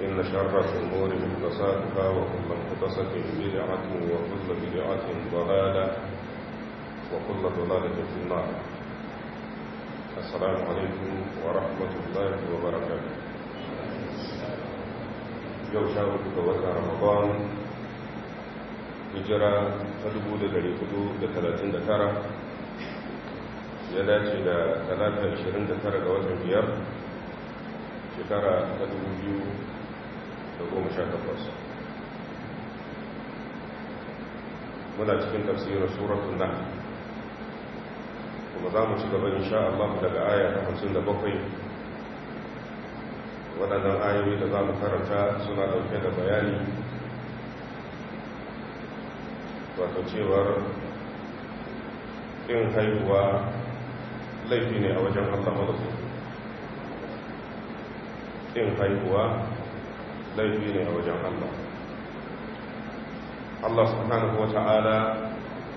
إن شر الأمور مقتصاتها وكل مقتصة بدعة وكل بدعة ضلالة وكل ضلالة في النار السلام عليكم ورحمة الله وبركاته يوم شهر كتبت رمضان هجرة تدبو لدري قدو لثلاثين دكارة يدات إلى ثلاثة عشرين دكارة قوات البيار شكرا تدبو da goma sha muna cikin tafsirin suratun nan kuma za mu ci gaba insha Allah daga aya ta hamsin da bakwai waɗannan ayoyi da za mu karanta suna ɗauke da bayani wato cewar ɗin haihuwa laifi ne a wajen Allah Ɗin haihuwa laifi ne a wajen Allah Allah subhanahu ta’ala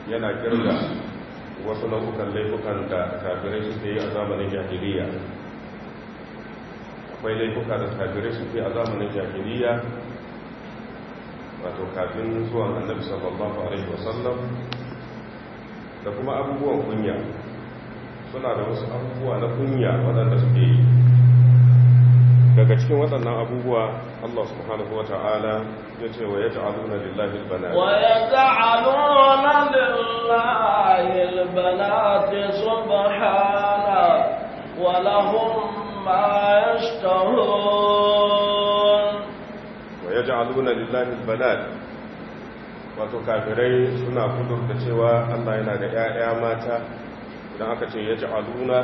yana girga wasu nau'ukan laifukan da kafirai suke yi a zamanin jahiliya akwai laifuka da kafirai suke a zamanin jahiliya wato kafin zuwan annabi sallallahu alaihi wasallam da kuma abubuwan kunya suna da wasu abubuwa na kunya waɗanda suke yi daga cikin waɗannan abubuwa Allah subhanahu ta'ala ya ce wa na lillahi albana wa na lillahi albanat subhana wa lahum ma yashtahun wa na lillahi albana wato kafirai suna kudur da cewa Allah yana da ƴaƴa mata idan aka ce na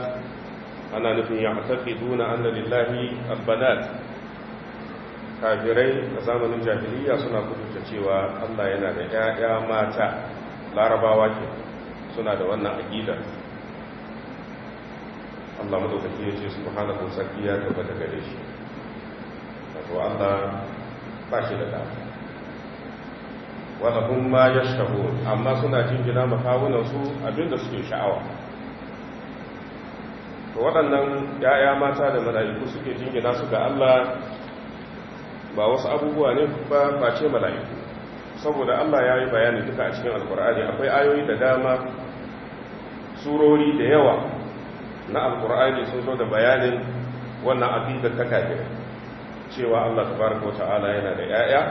ana nufin ya tafi duna an da lillahi albanat kafirai a zamanin jahiliya suna kudurta cewa allah yana da 'ya'ya mata larabawa ke suna da wannan aƙidar Allah madaukaki ya ce su wa ta'ala ya gaba da shi wato Allah ba shi da da wala hum ma yashtabun amma suna jingina makawunan su abinda suke sha'awa to waɗannan ‘ya'ya mata da mala'iku suke jingina su ga Allah ba wasu abubuwa ne ba face mala'iku saboda Allah ya yi bayani duka a cikin alkur'ani akwai ayoyi da dama surori da yawa na alkur'ani sun zo da bayanin wannan abin da ta kafin cewa Allah tabaraka wa ta'ala yana da ‘ya'ya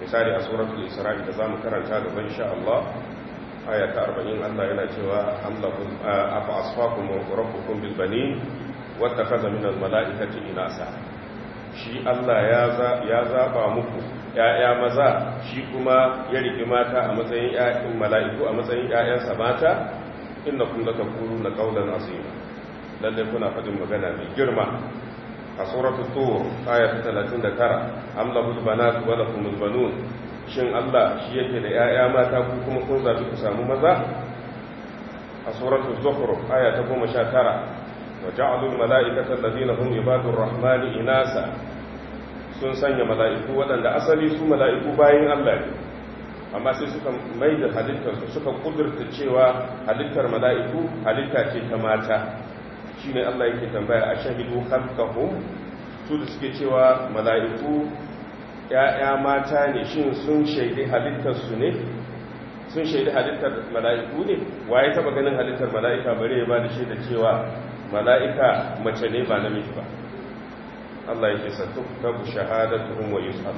misali a suratul isra'i da zamu karanta gaba insha Allah aya ta 40 Allah yana cewa amlakum afa asfakum rabbukum bil banin wattakhadha min al malaikati inasa shi Allah ya zaba muku ‘ya'ya maza shi kuma ya riƙi mata a matsayin ‘ya'yan mala'iku a matsayin yayan sabata inda kun da kuru na ƙaunar asiri lallai kuna fadin magana mai girma a tur aya ta 39 amla hulbana su wada banun shin Allah shi yake da ‘ya'ya mata ko kuma kun zabi ku samu maza a suratul zuhru aya ta goma sha tara wa ja'alul mala'ikatan ladina hum ibadur rahmani inasa sun sanya mala'iku waɗanda asali su mala'iku bayan Allah ne amma sai suka mai da su suka kudurta cewa halittar mala'iku halitta ce ta mata shi Allah yake tambaya a shahidu halkahun su da suke cewa mala'iku ya'ya mata ne shi sun shaidi halittarsu ne sun shaidi halittar mala'iku ne waye taba ganin halittar mala'ika bare ya ba da shi da cewa mala'ika mace ne ba namiji ba Allah ya ke sattu ta bu shahadatuhum wa Yusuf,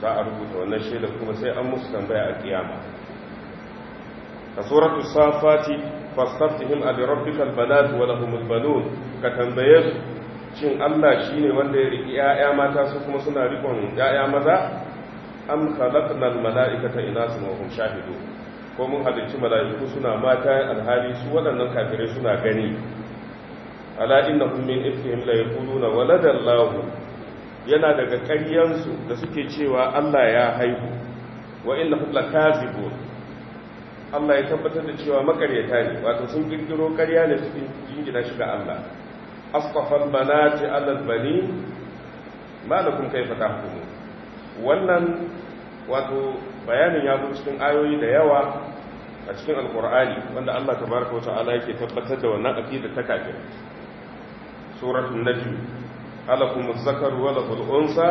za a rubuta wannan shaidar kuma sai an musu tambaya a kiyama a tsoratu safati fastaftihim abi rabbikal balad wa lahumul balon ka tambaye su shin Allah shi ne wanda ya riƙi ‘ya'ya mata su kuma suna riƙon ‘ya'ya maza am khalaqnal mala'ikata ina su hum shahidun ko mun halittu mala'iku suna mata alhali su waɗannan kafirai suna gani ala himla ya ifkihim na waladar lahu yana daga ƙaryansu da suke cewa Allah ya haihu wa innahum Kazibu? Allah ya tabbatar da cewa makaryata ne wato sun ƙirƙiro ƙarya ne su jingina shi ga Allah asfafan banati alal bani malakum fata hukumu wannan wato bayanin ya zo cikin ayoyi da yawa a cikin alkur'ani wanda Allah Ta baraka wa ala yake tabbatar da wannan aqida ta kafir suratul najm alakum az-zakaru wa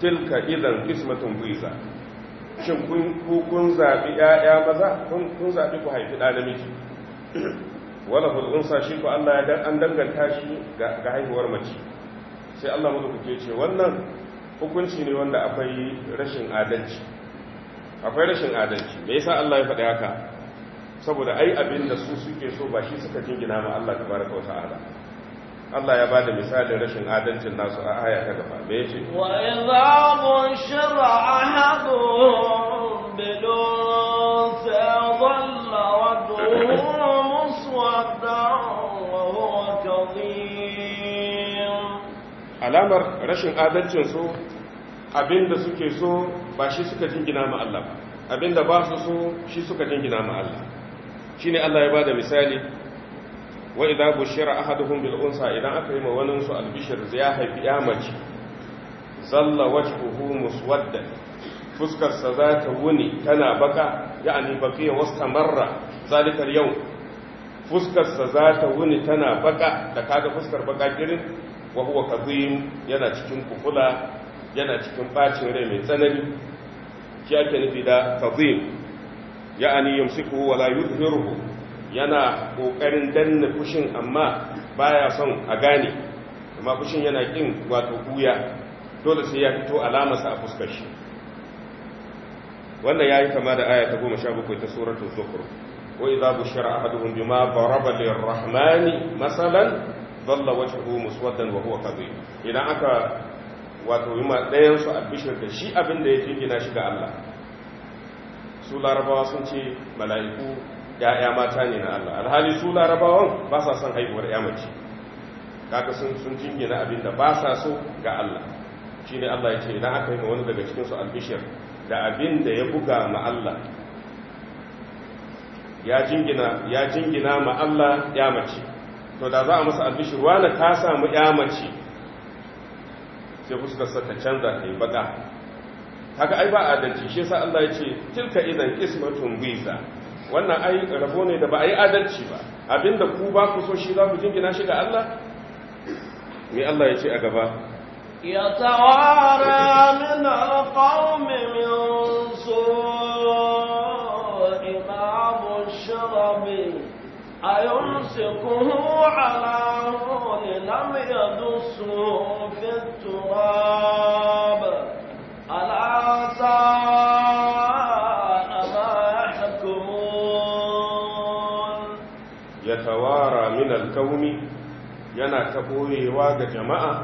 tilka idan qismatun biza shin kun kun zabi ƴaƴa maza kun kun zabi ku haifi da namiji wala hulunsa shi ko Allah ya an danganta shi ga haihuwar mace sai Allah madaukake ce wannan hukunci ne wanda akwai rashin adalci akwai rashin adalci me yasa Allah ya faɗi haka saboda ai abin da su suke so ba shi suka jingina ma Allah tabaraka wata'ala Allah ya bada misalin rashin adalcin nasu a aya ta gaba me yace wa idza shara ahadu bidun sa dhalla wa alamar rashin adalcinsu abinda suke so ba shi suka jingina ma Allah ba abinda ba su so shi suka jingina ma Allah shi ne Allah ya ba da misali wa idan bushira ahaduhum bil idan aka yi ma wani su albishir ya haifi ya mace zalla wajhuhu muswadda fuskar sa za ta wuni tana baka ya'ani wasu tamarra zalikal yau. fuskarsa za ta wuni tana baka da kaga fuskar baka girin wa huwa kazim yana cikin kufula yana cikin bacin rai mai tsanani shi ake nufi da kazim ya'ani yamsiku wa la yuzhiruhu yana kokarin danna fushin amma baya son a gane amma fushin yana kin wato buya dole sai ya fito alamarsa a fuskar shi wannan yayi kama da aya ta 17 ta suratul zukhruf وإذا بشر أحدهم بما ضرب للرحمن مثلا ظل وجهه مسودا وهو كظيم إذا أكا wato yi ma ɗayansu albishir da shi abin da ya jingina shi ga Allah su larabawa sun ce mala'iku ‘ya'ya mata ne na Allah alhali su larabawan ba sa son haihuwar ‘ya mace kaka sun jingina abin da ba sa so ga Allah shi ne Allah ya ce idan aka yi ma wani daga su albishir da abin da ya buga ma Allah ya jingina ma Allah ya mace to da za a masa albishir wala ta samu ya mace sai ku suka ta canza kai baka haka ai ba adalci shi sa Allah ya ce tilka idan ismatun biza wannan ai rabo ne da ba a yi adalci ba abinda ku ba ku so shi za ku jingina shi ga Allah me Allah ya ce a gaba Ya tawara min alqawmi min su' المشرب أيمسكه على هون لم يدسه في التراب ألا ساء ما يحكمون يتوارى من الكون yana ta ɓoyewa ga jama'a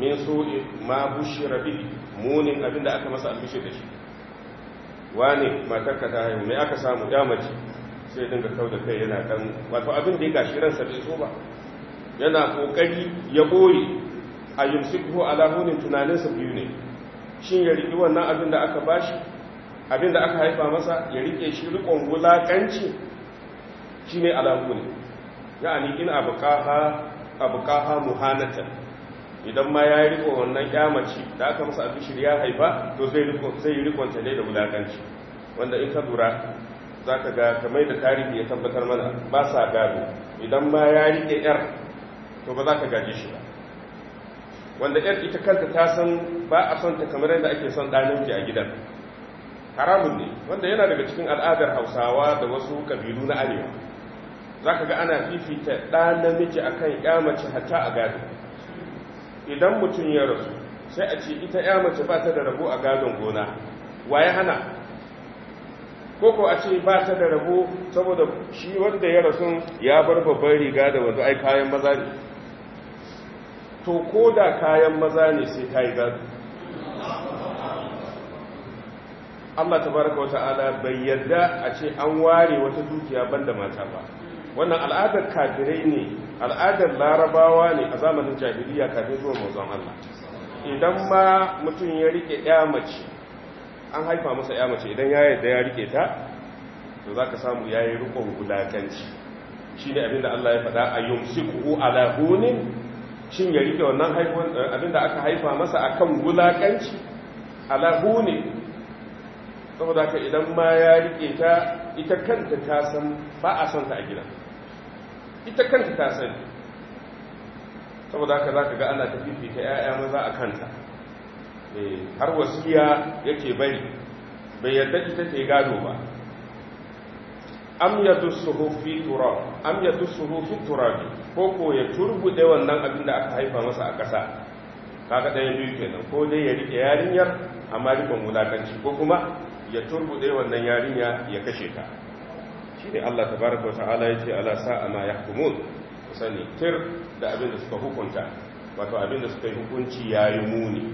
min so ma bushira bi munin abin da aka masa albishir da shi wane matarka ta haihu mai aka samu damace sai dinga kau da kai yana dan wato abin da ya gashi ransa bai so ba yana kokari ya boye a yumsiku alahunin tunaninsa biyu ne shin ya riƙi wannan abin da aka bashi abin da aka haifa masa ya riƙe shi riƙon wulaƙanci shi ne alahunin ya'ani in abuƙaha muhanatan idan ma ya yi rikon wannan kyamaci da aka masa albishir ya haifa to zai yi rikon ta ne da wulakanci wanda in ka dura za ka ga kamar da tarihi ya tabbatar mana ba sa gado idan ma ya rike yar to ba za ka gaje shi ba wanda yar ita kanta ta san ba a son ta kamar yadda ake son ɗaninki a gidan haramun ne wanda yana daga cikin al'adar hausawa da wasu kabilu na arewa za ka ga ana fifita ɗan namiji akan kan hatta a gado idan mutum ya rasu sai a ce ita ya mace ba ta da rabo a gadon gona waye hana koko a ce ba ta da rabo saboda shi wanda ya rasu ya bar babbar riga da wanda ai kayan maza ne to ko da kayan maza ne sai ta yi gado Allah tabaraka wa ta'ala bai yarda a ce an ware wata dukiya banda mata ba wannan al'adar kafirai ne al'adar larabawa ne a zamanin jahiliya kafin zuwa mazan Allah idan ma mutum ya rike ya mace an haifa masa ya mace idan ya yarda ya rike ta to zaka samu yayi rikon gulakanci shine abinda Allah ya faɗa a yumsiku ala hunin shin ya rike wannan haifon eh, abinda aka haifa masa akan gulakanci ala hunin saboda ka idan ma ya rike ta ita kanta ta san ba a son ta a gidan ita kanta ta sani saboda haka za ka ga ana ta 'ya'ya maza a kanta eh, har wasiya yake bari bai yadda ita ta gado ba am ya dusuhu fi ya turbu fi ko ko ya wannan abin da aka haifa masa a ƙasa kaga ɗaya biyu kenan ko dai ya rike yarinyar amma rikon wulakanci ko kuma ya turbu da wannan yarinya ya kashe ta shi ne Allah ta baraka wata ala ya ce ala sa'a ma ya hukumun sani tir da abin da suka hukunta wato abin da suka yi hukunci ya yi muni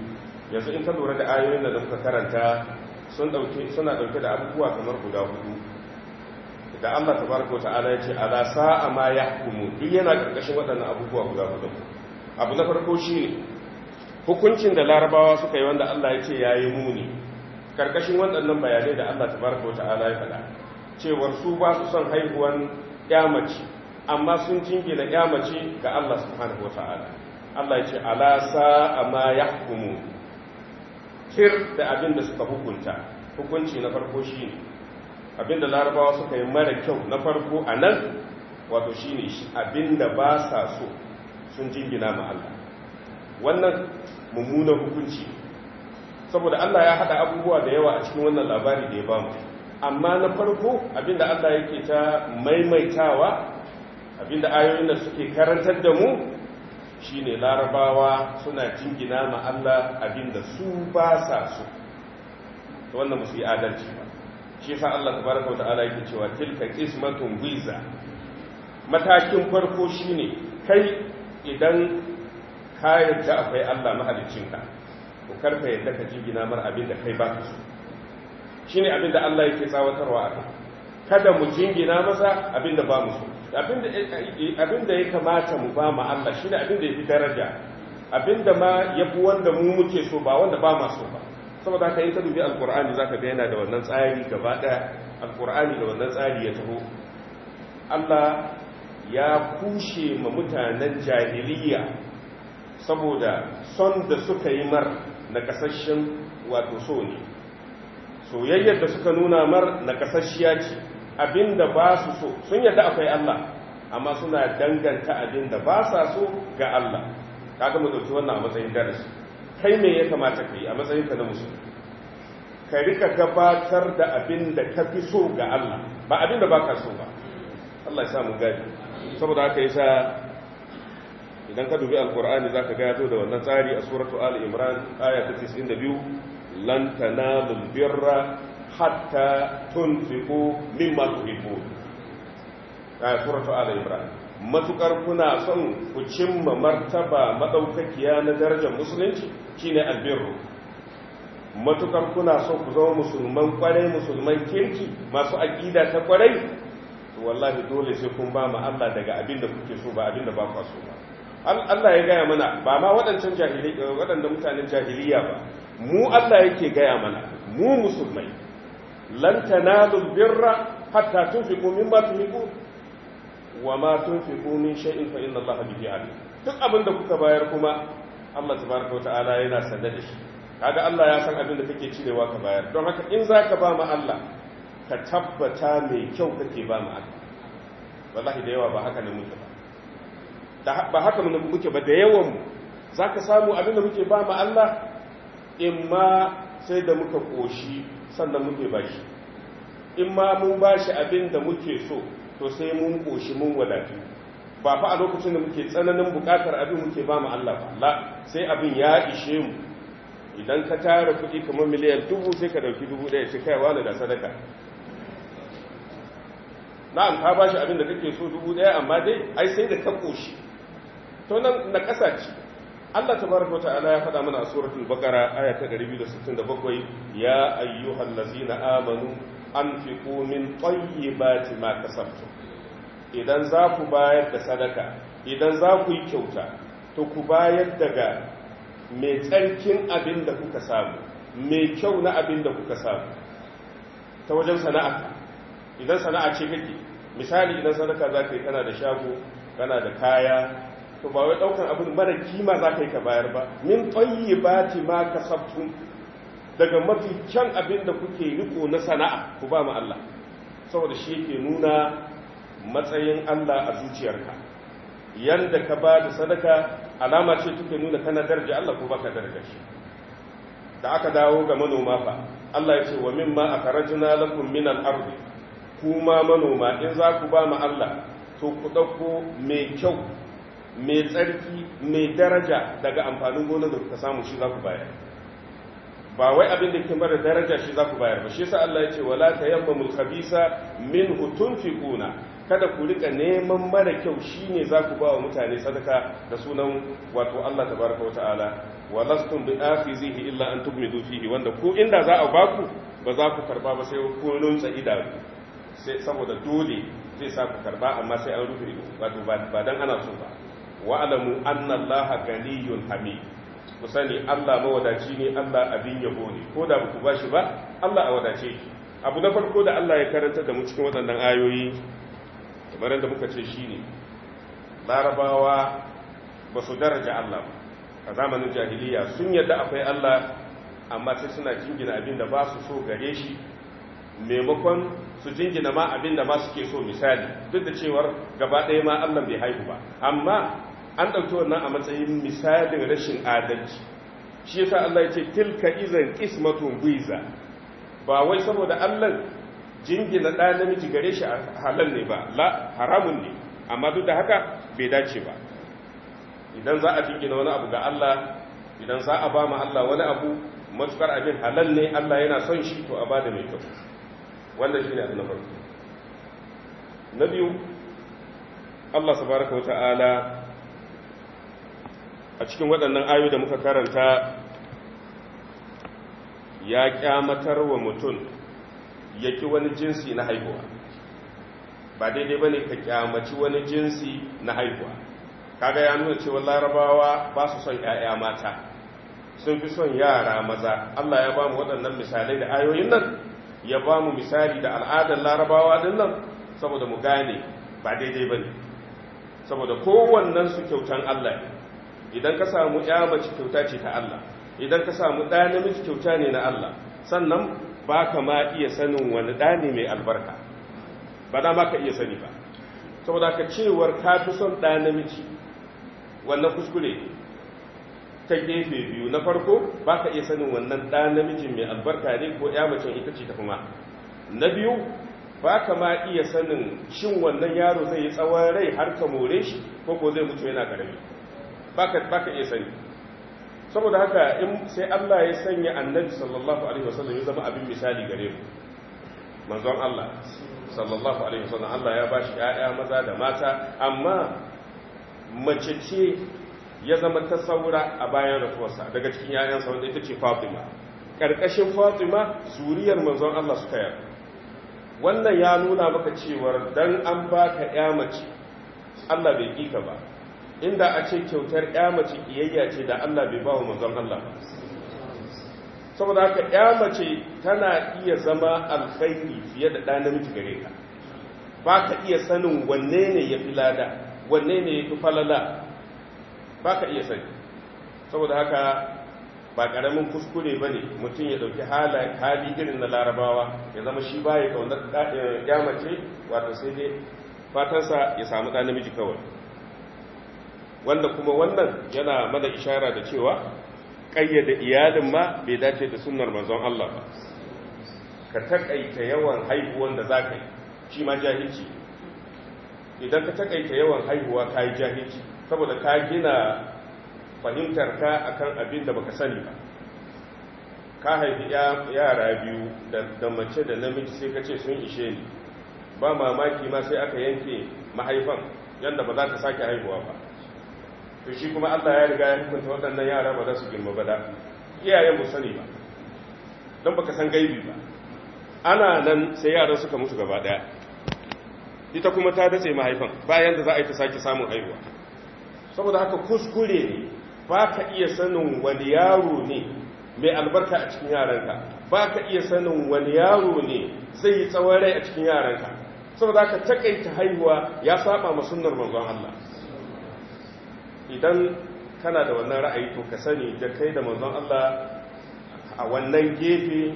yanzu in ka lura da ayoyin da muka karanta suna ɗauke da abubuwa kamar guda hudu da Allah ta baraka wata ala ya ce ala sa'a ma ya hukumun duk yana ƙarƙashin waɗannan abubuwa guda hudu abu na farko shi ne hukuncin da larabawa suka yi wanda Allah ya ce ya yi muni ƙarƙashin waɗannan bayanai da Allah ta baraka wata ala ya faɗa cewar su ba su son haihuwan mace amma sun jingina mace ga Allah subhanahu wata'ala Allah ya ce alasa sa'a ma hukumu kir da abin da suka hukunta hukunci na farko shine abin da larabawa suka yi mara kyau na farko a nan wato shine abin da ba sa so sun jingina ma Allah wannan mummunan hukunci saboda Allah ya haɗa abubuwa da yawa a cikin wannan labari da ya ba mu. amma na farko abinda Allah yake ta maimaitawa abinda ayoyin da suke karantar da mu shine larabawa suna jingina ma Allah abinda su ba sa su to wannan musu yi adalci ba shi yasa Allah tabaraka wataala yake cewa tilka qismatun wiza matakin farko shine kai idan ka yarda akwai Allah mahaliccinka ku karka yadda ka jingina mar abinda kai ba ka so shi abin da Allah yake tsawatarwa a kada mu jingina masa abin ba mu so abin ya kamata mu ba mu Allah shine abin da fi daraja abin da ma fi wanda mu muke so ba wanda ba ma so ba saboda haka in ka dubi za zaka ga yana da wannan tsari gaba ɗaya alkur'ani da wannan tsari ya taho Allah ya kushe ma mutanen jahiliya saboda son da suka yi mar na kasashen wato so ne soyayyar da suka nuna mar nakasasshiya ce abinda ba su so sun yadda akwai Allah amma suna danganta abinda ba sa so ga Allah kaga mu dauki wannan a matsayin darasi kai me ya kamata kai a matsayin ka na musulmi ka rika gabatar da abinda ka fi so ga Allah ba abinda ba ka so ba Allah ya sa mu gadi saboda haka sa idan ka dubi alqur'ani zaka ga ya zo da wannan tsari a suratu al imran aya ta 92 lan tanalul birra hatta tunfiqu mimma tuhibbun ayat suratu ali imran matukar kuna son ku cimma martaba madaukakiya na darajar musulunci shine albirru matukar kuna son ku zama musulman kwarai musulman kirki masu aqida ta kwarai to wallahi dole sai kun ba mu Allah daga abin da kuke so ba abin da ba ku so ba Allah ya gaya mana ba ma waɗancan jahiliya waɗanda mutanen jahiliya ba mu Allah yake gaya mana mu musulmai lan tanalu birra hatta tunfiqu mimma tunfiqu wa ma tunfiqu min shay'in fa inna Allah bihi alim duk abin da kuka bayar kuma Allah tabaraka ta'ala yana sanda da shi kaga Allah ya san abin da kake cirewa ka bayar don haka in zaka ba mu Allah ka tabbata mai kyau kake ba mu Allah wallahi da yawa ba haka ne muke ba ba haka ne muke ba da yawan mu zaka samu abin da muke ba mu Allah in ma sai da muka ƙoshi sannan muke ba in ma mun ba shi abin da muke so to sai mun ƙoshi mun wadatu ba fa a lokacin da muke tsananin buƙatar abin muke ba mu Allah ba la sai abin ya ishe mu idan ka tara kuɗi kamar miliyan dubu sai ka dauki dubu ɗaya sai kai wani da sadaka na'am ka ba shi abin da kake so dubu ɗaya amma dai ai sai da ka ƙoshi to nan na ƙasa ce Allah tabaraka wata'ala ya faɗa mana a suratul bakara aya ta 267 ya lazina amanu anfiqu min tayyibati ma kasabtum idan za ku bayar da sadaka idan za ku yi kyauta to ku bayar daga mai tsarkin abin da kuka samu mai kyau na abin da kuka samu ta wajen sana'a idan sana'a ce kake misali idan sadaka za ka yi kana da shago kana da kaya to ba wai daukan abin mara kima za ka yi ka bayar ba min ti ma sabtun daga mafi kyan abin da kuke riko na sana'a ku ba mu Allah saboda shi yake nuna matsayin Allah a zuciyarka yanda ka ba da sadaka alama ce take nuna kana daraja Allah ko baka daraja shi da aka dawo ga manoma ba Allah ya ce wa min mimma akhrajna lakum min al-ardi kuma manoma in za ku ba mu Allah to ku dauko mai kyau mai tsarki mai daraja daga amfanin gonar da kuka samu shi za ku bayar ba wai abin da ke mara daraja shi za ku bayar ba shi sa Allah ya ce wala min khabisa fi kuna kada ku rika neman mara kyau shi ne za ku ba wa mutane sadaka da sunan wato Allah tabaraka wa ta'ala walastum bi akhizihi illa an tubmidu fihi wanda ku inda za a ba ku ba za ku karba ba sai ku nunsa idanu sai saboda dole zai sa ku karba amma sai an rufe wato ba dan ana so ba wa'alamu Allah ganiyun hamid ku sani Allah mawadaci ne Allah abin yabo ne ko da ku bashi ba Allah a wadace abu na farko da Allah ya karanta da mu cikin waɗannan ayoyi kamar da muka ce shine larabawa ba su daraja Allah a zamanin jahiliya sun yadda akwai Allah amma sai suna jingina abin da ba su so gare shi maimakon su jingina ma abin da ba su ke so misali duk da cewar gaba ɗaya ma Allah bai haihu ba amma an ɗauki wannan a matsayin misalin rashin adalci shi yasa Allah ya ce tilka izan kismatun guiza ba wai saboda Allah jingina ɗa namiji gare shi a halal ne ba la haramun ne amma duk da haka bai dace ba idan za a jingina wani abu ga Allah idan za a ba ma Allah wani abu matukar abin halal ne Allah yana son shi to a bada mai kyau wannan shine abu na farko na biyu Allah subhanahu a cikin waɗannan ayu da muka karanta ya kyamatar wa mutum ya ki wani jinsi na haihuwa ba daidai ba ne ka kyamaci wani jinsi na haihuwa kaga ya nuna cewa larabawa ba su son 'ya'ya mata sun fi son yara maza allah ya ba mu waɗannan misalai da ayoyin nan ya ba mu misali da al'adar larabawa din nan saboda mu gane ba daidai ba ne saboda kowannensu kyautan allah idan ka samu ya mace kyauta ce ta Allah idan ka samu ɗa namiji kyauta ne na Allah sannan ba ka ma iya sanin wani ɗa ne mai albarka ba da ma ka iya sani ba saboda ka cewar ka fi son ɗa namiji wannan kuskure ta gefe biyu na farko ba ka iya sanin wannan ɗa namiji mai albarka ne ko ya mace ita ce ta ma na biyu ba ka ma iya sanin shin wannan yaro zai yi tsawon rai har ka more shi ko ko zai mutu yana karami baka iya sani saboda haka in sai Allah ya sanya annabi sallallahu alaihi wasallam ya zama abin misali gare mu manzon Allah sallallahu alaihi wasallam Allah ya bashi ƴaƴa maza da mata amma mace ce ya zama ta saura a bayan rafuwarsa daga cikin ƴaƴansa wanda ita ce Fatima karkashin Fatima zuriyar manzon Allah suka yi wannan ya nuna maka cewa dan an baka ƴa mace Allah bai kika ba inda a ce kyautar ya mace iyayya ce da Allah bai ba wa manzon Allah saboda haka ya mace tana iya zama alkhairi fiye da ɗan namiji gare ka ba ka iya sanin wanne ne ya fi lada wanne ne ya fi falala ba ka iya sani saboda haka ba ƙaramin kuskure ba ne mutum ya ɗauki hali irin na larabawa ya zama shi ba ya ƙaunar ya eh, mace wato sai dai fatansa ya samu ɗan namiji kawai wanda kuma wannan yana mana ishara da cewa ƙayyade iyalin ma bai dace da sunnar manzon Allah ba ka takaita yawan haihuwan da za ka yi shi ma jahilci idan ka takaita yawan haihuwa ka yi jahilci saboda ka gina fahimtar ka akan abin da baka sani ba ka haifi yara biyu da mace da namiji sai ka ce sun ishe ni ba mamaki ma sai aka yanke mahaifan yadda ba za ka sake haihuwa ba to shi kuma Allah ya riga ya hukunta waɗannan yara ba za su girma ba da iyayen ba sani ba don baka san gaibi ba ana nan sai yaran suka mutu gaba daya ita kuma ta dace mahaifan bayan da za a yi ta sake samun haihuwa saboda haka kuskure ne ba ka iya sanin wani yaro ne mai albarka a cikin yaranka ba ka iya sanin wani yaro ne zai yi tsawon rai a cikin yaranka saboda haka takaita haihuwa ya saba ma manzon Allah idan kana da wannan ra'ayi to ka sani da kai da manzon Allah a wannan gefe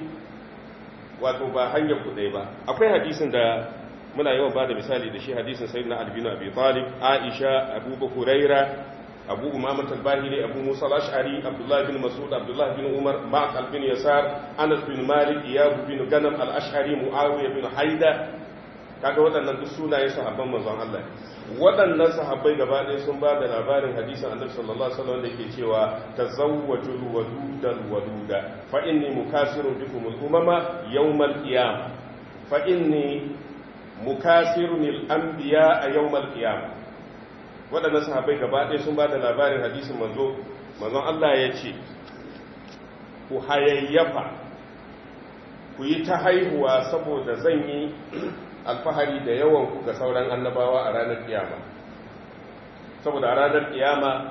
wato ba hanyar kudai ba akwai hadisin da muna yawan ba da misali da shi hadisin sayyidina albino abi talib aisha abu huraira abu umamah al-bahili abu musa al-ash'ari abdullah bin mas'ud abdullah bin umar ma'qal bin yasar anas bin malik iyab bin ganam al-ash'ari muawiya bin haida kaga waɗannan duk sunaye sahabban manzon Allah waɗannan sahabbai gaba ɗaya sun ba da labarin hadisin annabi sallallahu alaihi wasallam da ke cewa tazawwaju wadudal waduda fa inni mukasiru bikum al-umama al qiyam fa inni mukasiru al-anbiya a al qiyam waɗannan sahabbai gaba ɗaya sun ba da labarin hadisin manzo manzon Allah ya ce ku hayayyafa ku yi ta haihuwa saboda zan yi alfahari da yawan ga sauran annabawa a ranar kiyama saboda ranar kiyama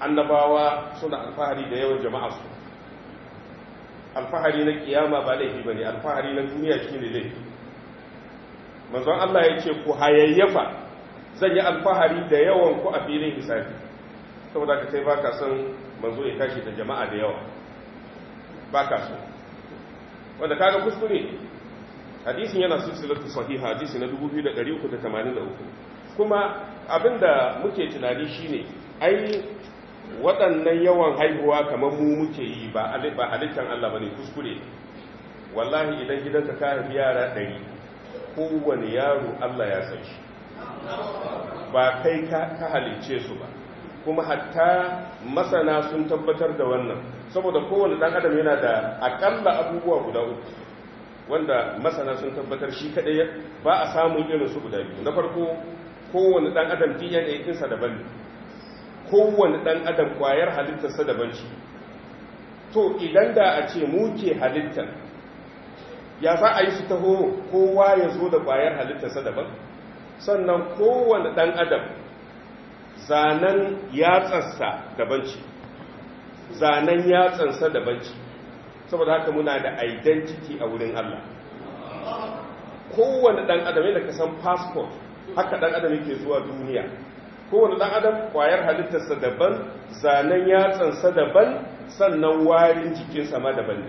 annabawa suna alfahari da yawan jama'a su, alfahari na kiyama ba laifi ba ne alfahari na duniya shi ne laifi manzon Allah ya ce ku hayayyafa zan yi alfahari da yawan ku a filin hisabi saboda ka sai baka son manzo ya tashi da jama'a da yawa baka so wanda kaga kuskure hadisin yana silsilatu sahiha hadisi na 2383 kuma abinda muke tunani shine ai waɗannan yawan haihuwa kamar mu muke yi ba halittar Allah bane kuskure wallahi idan gidanka ka haifi yara ɗari, kowane yaro Allah ya san shi ba kai ka halice su ba kuma hatta masana sun tabbatar da wannan saboda kowane ɗan adam yana da akalla abubuwa guda uku wanda masana sun tabbatar shi kadai ba a samun irin su guda biyu na farko kowane dan adam DNA ɗinsa daban ne kowane dan adam kwayar halittarsa daban shi to idan da a ce mu ke halittar ya za a yi su taho kowa ya zo da kwayar halittarsa daban sannan kowane dan adam zanen yatsarsa daban ce zanen yatsansa daban ce saboda haka muna da identity a wurin Allah kowane dan adam yana kasan passport haka dan adam yake zuwa duniya kowane dan adam kwayar halittarsa daban zanen yatsansa daban sannan warin jikinsa sama daban ne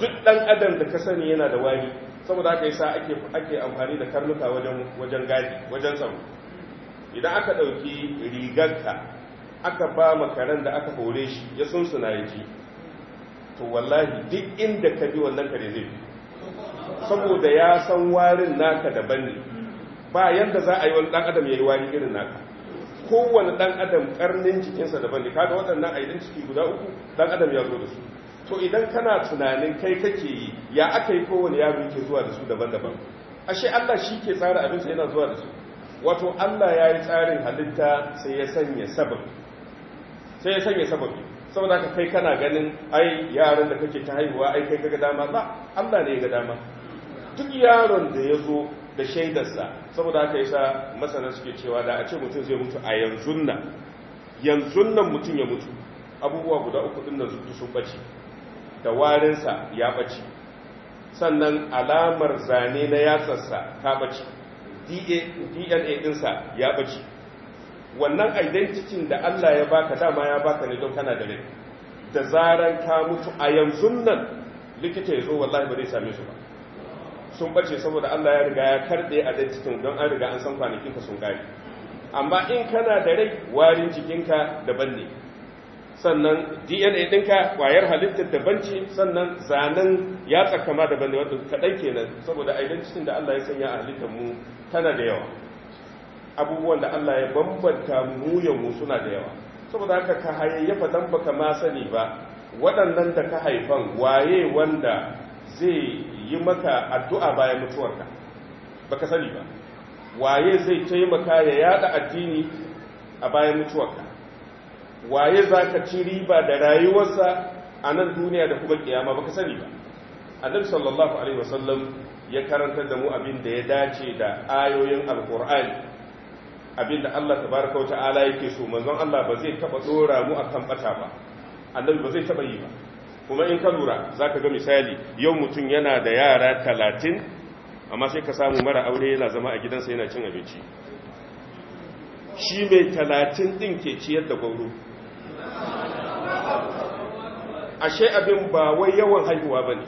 duk dan adam da ka sani yana da wari saboda haka yasa ake ake amfani da karnuka wajen wajen gadi wajen tsaro idan aka dauki rigarka aka ba makaran da aka hore shi ya sunsuna yaji to wallahi duk inda ka bi wannan kare zai bi saboda ya san warin naka daban ne ba yanda za a yi wani dan adam ya yi wari irin naka kowane dan adam karnin jikinsa daban ne kaga waɗannan aidin ciki guda uku dan adam ya zo da su to idan kana tunanin kai kake yi ya aka yi kowane yaro yake zuwa da su daban-daban ashe Allah shi ke tsara abin abinci yana zuwa da su wato Allah ya yi tsarin halitta sai ya sanya sababi sai ya sanya sababi saboda ka kai kana ganin ai yaran da kake ta haihuwa ai kai kaga dama ba Allah ne ya ga dama duk yaron da ya zo da shaidarsa saboda haka yasa masana suke cewa da a ce mutum zai mutu a yanzu nan yanzu nan mutum ya mutu abubuwa guda uku din nan sun bace da warinsa ya bace sannan alamar zane na yatsarsa ta bace dna dinsa ya bace wannan identity da Allah ya baka dama ya baka ne don kana da rai da zaran ka mutu a yanzu nan likita ya zo wallahi ba zai same su ba sun bace saboda Allah ya riga ya karɗe identity don an riga an san kwanakin ka sun gari amma in kana da rai warin jikinka daban ne sannan DNA ɗinka kwayar halittar daban ce sannan zanen ya tsakama daban ne wanda kaɗan kenan saboda identity da Allah ya sanya a halittar mu tana da yawa abubuwan da Allah ya bambanta mu mu suna da yawa saboda haka ka hayayyafa dan baka ma sani ba waɗannan da ka haifan waye wanda zai yi maka addu'a bayan mutuwarka baka sani ba waye zai taimaka ya yada addini a bayan mutuwarka waye zaka ci riba da rayuwarsa a nan duniya da kuma kiyama baka sani ba annabi sallallahu alaihi wasallam ya karanta da mu abin da ya dace da ayoyin alqur'ani abinda Allah baraka wa ta'ala yake so manzon Allah ba zai taba dora mu akan bata ba annabi ba zai taba yi ba kuma in ka lura zaka ga misali yau mutum yana da yara talatin amma sai ka samu mara aure yana zama a gidansa yana cin abinci shi mai talatin din ke ciyar da gauro ashe abin ba wai yawan haihuwa bane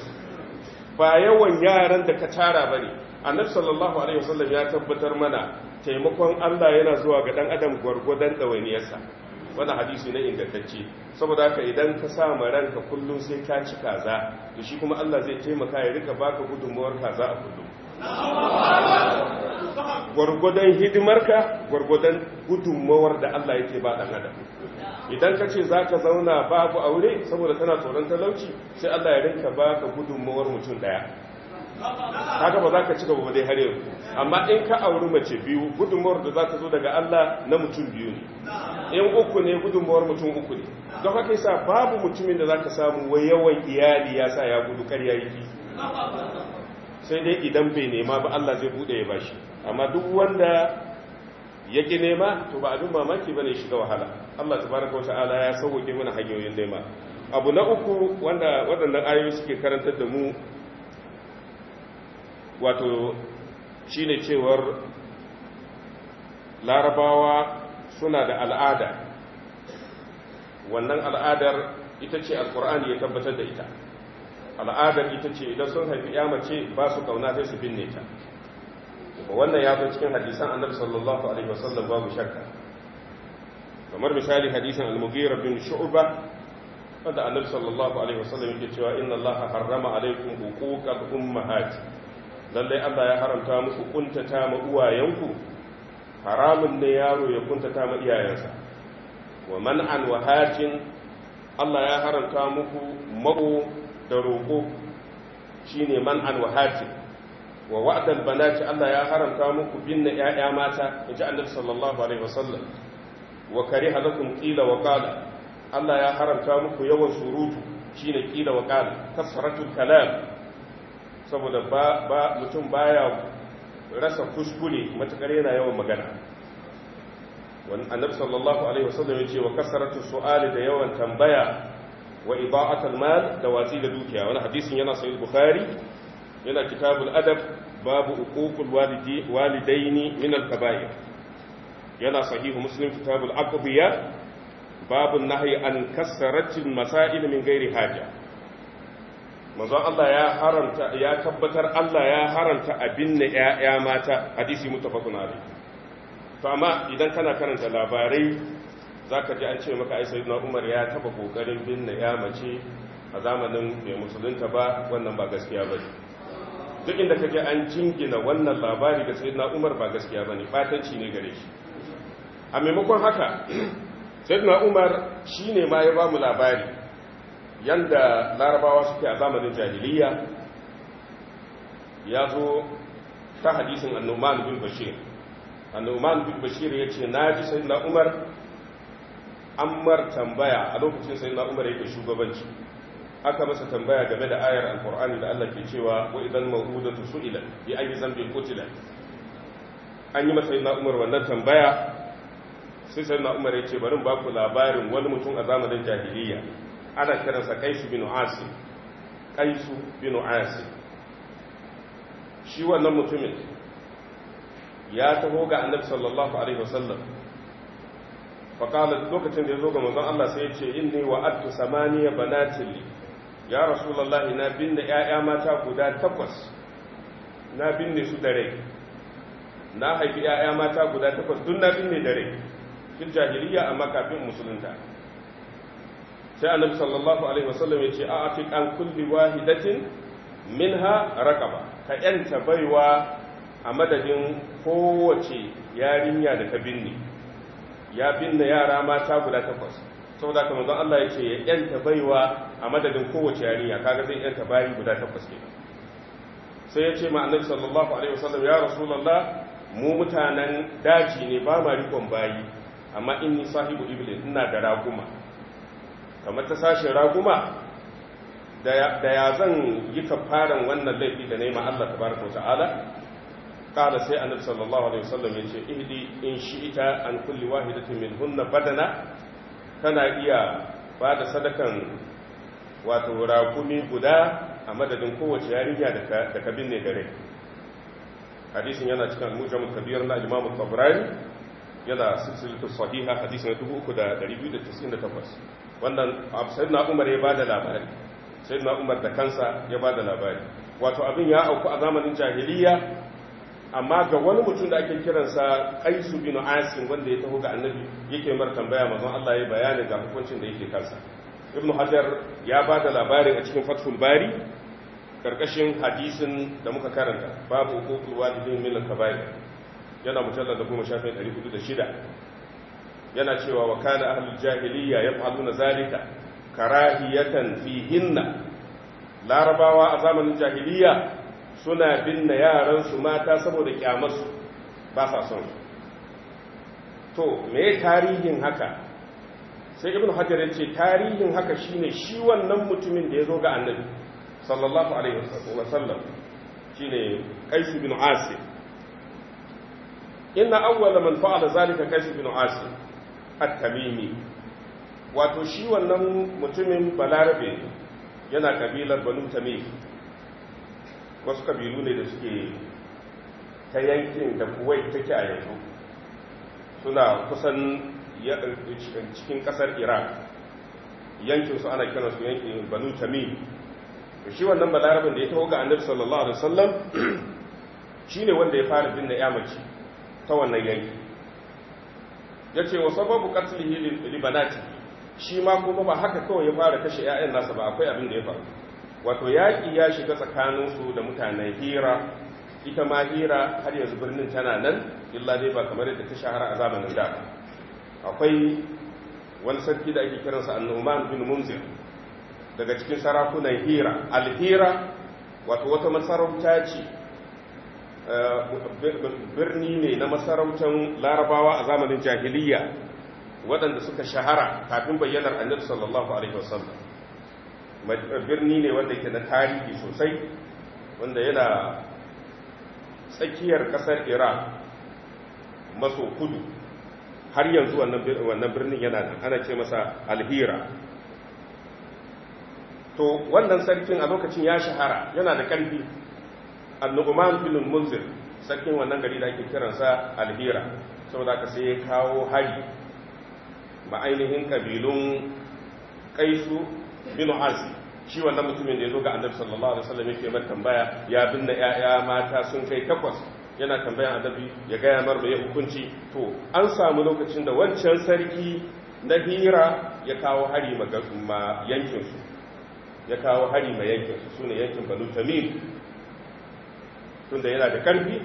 ba yawan yaran da ka tara bane annabi sallallahu alaihi wasallam ya tabbatar mana taimakon Allah yana zuwa ga ɗan adam gwargwadon dawainiyarsa wannan hadisi na ingantacce saboda haka idan ka sa ma ranka kullum sai ka ci kaza to shi kuma Allah zai taimaka ya rika baka gudunmuwar kaza a kullum gwargwadon hidimarka gwargwadon gudunmuwar da Allah yake ba dan adam idan ka ce za ka zauna babu aure saboda tana tsoron talauci sai Allah ya rinka baka gudunmuwar mutum daya kaga ba za ka ci gaba ba dai har yau amma in ka auri mace biyu gudunmuwar da za ta zo daga Allah na mutum biyu ne in uku ne gudunmuwar mutum uku ne don haka yasa babu mutumin da za ka samu wai yawan iyali ya sa ya gudu karya yake sai dai idan bai nema ba Allah zai bude ya bashi amma duk wanda yake nema to ba abin mamaki bane shiga wahala Allah tabaraka ta'ala ya sauke mana hanyoyin nema abu na uku wanda waɗannan ayoyi suke karantar da mu wato shi ne cewar larabawa suna da al'ada wannan al'adar ita ce alkur'ani ya tabbatar da ita al'adar ita ce idan sun haifi yamace ba su kauna sai su binne ta wannan ya zo cikin hadisan annabi sallallahu alaihi wasallam babu shakka kamar misali hadisan al-mughira bin shu'ba wanda annabi sallallahu alaihi wasallam yake cewa inna allaha harrama alaikum huquqal ummahat lallai Allah ya haramta muku kuntata ma uwayenku haramun ne yaro ya kuntata ma iyayensa wa man'an wa hajin Allah ya haramta muku mako da roko shine man'an wa hajin wa wa'dal banati Allah ya haramta muku binne ƴaƴa mata inji Annabi sallallahu alaihi wasallam wa kariha lakum qila wa qala Allah ya haramta muku yawan surutu shine qila wa qala kasratul kalam saboda mutum baya rasa kuskure matakar yana yawan magana wani annab sallallahu alaihi wasallam ya ce wa kasaratu su'ali da yawan tambaya wa iba'atul mal da watsi da dukiya wani hadisin yana sahih bukhari yana kitabul adab babu uququl walidi walidaini min al-kaba'ir yana sahihu muslim kitabul aqdiya babu nahyi an kasaratil masail min ghairi haja manzon Allah ya haranta ya tabbatar Allah ya haranta abin binne ƴaƴa mata hadisi mutafakun alayh to amma idan kana karanta labarai zaka ji an ce maka ai sayyidina Umar ya taba kokarin binne ya mace a zamanin mai musulunta ba wannan ba gaskiya bane duk inda kaje an jingina wannan labari ga sayyidina Umar ba gaskiya bane fatanci ne gare shi a maimakon haka sayyidina Umar shi ne ma ya ba mu labari yanda larabawa suke a zamanin jahiliya ya zo ta hadisin annoman bin bashir annoman bin bashir ya ce na ji sai na umar an mar tambaya a lokacin sai na umar yake shugabanci aka masa tambaya game da ayar alkur'ani da allah ke cewa wa idan su ila. bi an yi ko tila an yi masa na umar wannan tambaya sai sai na umar ya ce barin baku labarin wani mutum a zamanin jahiliya ana kiransa kaisu bin asim kaisu bin asim shi wannan mutumin ya taho ga annabi sallallahu alaihi wasallam faƙalar lokacin da ya zo ga manzon Allah sai ya ce inni wa'adtu samaniya banatin li ya rasulullahi na binne 'ya'ya mata guda takwas na binne su da na haifi 'ya'ya mata guda takwas duk na binne da rai fil jahiliya amma kafin musulunta sai annabi sallallahu alaihi wasallam ya ce a afiq an kulli wahidatin minha raqaba ka yanta baiwa a madadin kowace yarinya da ka binne ya binne yara mata guda takwas saboda kuma manzon Allah ya ce ya yanta baiwa a madadin kowace yarinya kaga zai yanta bayi guda takwas ke sai ya ce ma annabi sallallahu alaihi wasallam ya rasulullah mu mutanen daji ne ba ma rikon bayi amma inni sahibu iblis ina da raguma kamar ta sashin raguma da ya zan yi kafaran wannan laifi da nema Allah ta tabaraka ta'ala qala sai annabi sallallahu alaihi wasallam yace ihdi in shi'ita an kulli wahidatin minhunna badana kana iya ba da sadakan wato rakumi guda a madadin kowace yarinya da ka binne da rai hadisin yana cikin mujam kabir na imam al-tabrani yana silsilatu sahiha hadisin 3298 wannan na umar ya bada labari na umar da kansa ya bada labari wato abin ya auku a zamanin jahiliya amma ga wani mutum da ake kiransa qaisu bin asim wanda ya taho ga annabi yake mar tambaya manzon Allah ya bayani ga hukuncin da yake kansa ibnu hajar ya bada labari a cikin fathul bari karkashin hadisin da muka karanta babu hukukul da min al-kaba'ir yana da shida. yana cewa wa kana ahlul jahiliya yaf'aluna zalika karahiyatan fihinna larabawa a zamanin jahiliya suna binne yaran su mata saboda kyamarsu ba sa son su to me tarihin haka sai ibn hajar ya ce tarihin haka shine shi wannan mutumin da ya zo ga annabi sallallahu alaihi wasallam shine qais bin asim inna awwala man fa'ala zalika qais bin asim at-tamimi wato shi wannan mutumin balarabe yana kabilar banu tamim wasu kabilu ne da suke ta yankin da kuwai take a yanzu suna kusan cikin kasar iraq yankin su ana su yankin banu tamim shi wannan balarabin da ya taho ga annabi sallallahu alaihi wasallam shine wanda ya fara binne ya mace ta wannan yankin. Ya ce wa sababu qatlihi li banati shi ma kuma ba haka kawai ya fara kashe 'ya'yan nasa ba akwai abin da ya faru wato yaƙi ya shiga tsakaninsu da mutanen hira ita ma hira har yanzu birnin tana nan illa dai ba kamar yadda ta shahara a zamanin da akwai wani sarki da ake kiransa annoman bin munzir daga cikin sarakunan hira alhira wato wata masarauta ce birni ne na masarautar larabawa a zamanin jahiliya waɗanda suka shahara kafin bayyanar annabi sallallahu alaihi wasallam birni ne wanda yake na tarihi sosai wanda yana tsakiyar ƙasar Iran maso kudu har yanzu wannan birnin yana nan ana ce masa alhira to wannan sarkin a lokacin ya shahara yana da ƙarfi annu'uman bin munzir sarkin wannan gari da ake kiransa alhira saboda aka sai kawo hari ba ainihin kabilun kaisu bin azi shi wannan mutumin da ya zo ga annabi sallallahu alaihi wasallam yake mai tambaya ya binne yaya mata sun kai takwas yana tambayan annabi ya gaya mar mai hukunci to an samu lokacin da wancan sarki na hira ya kawo hari ma yankinsu ya kawo hari ma yankinsu sune yankin banu tamim tunda yana da ƙarfi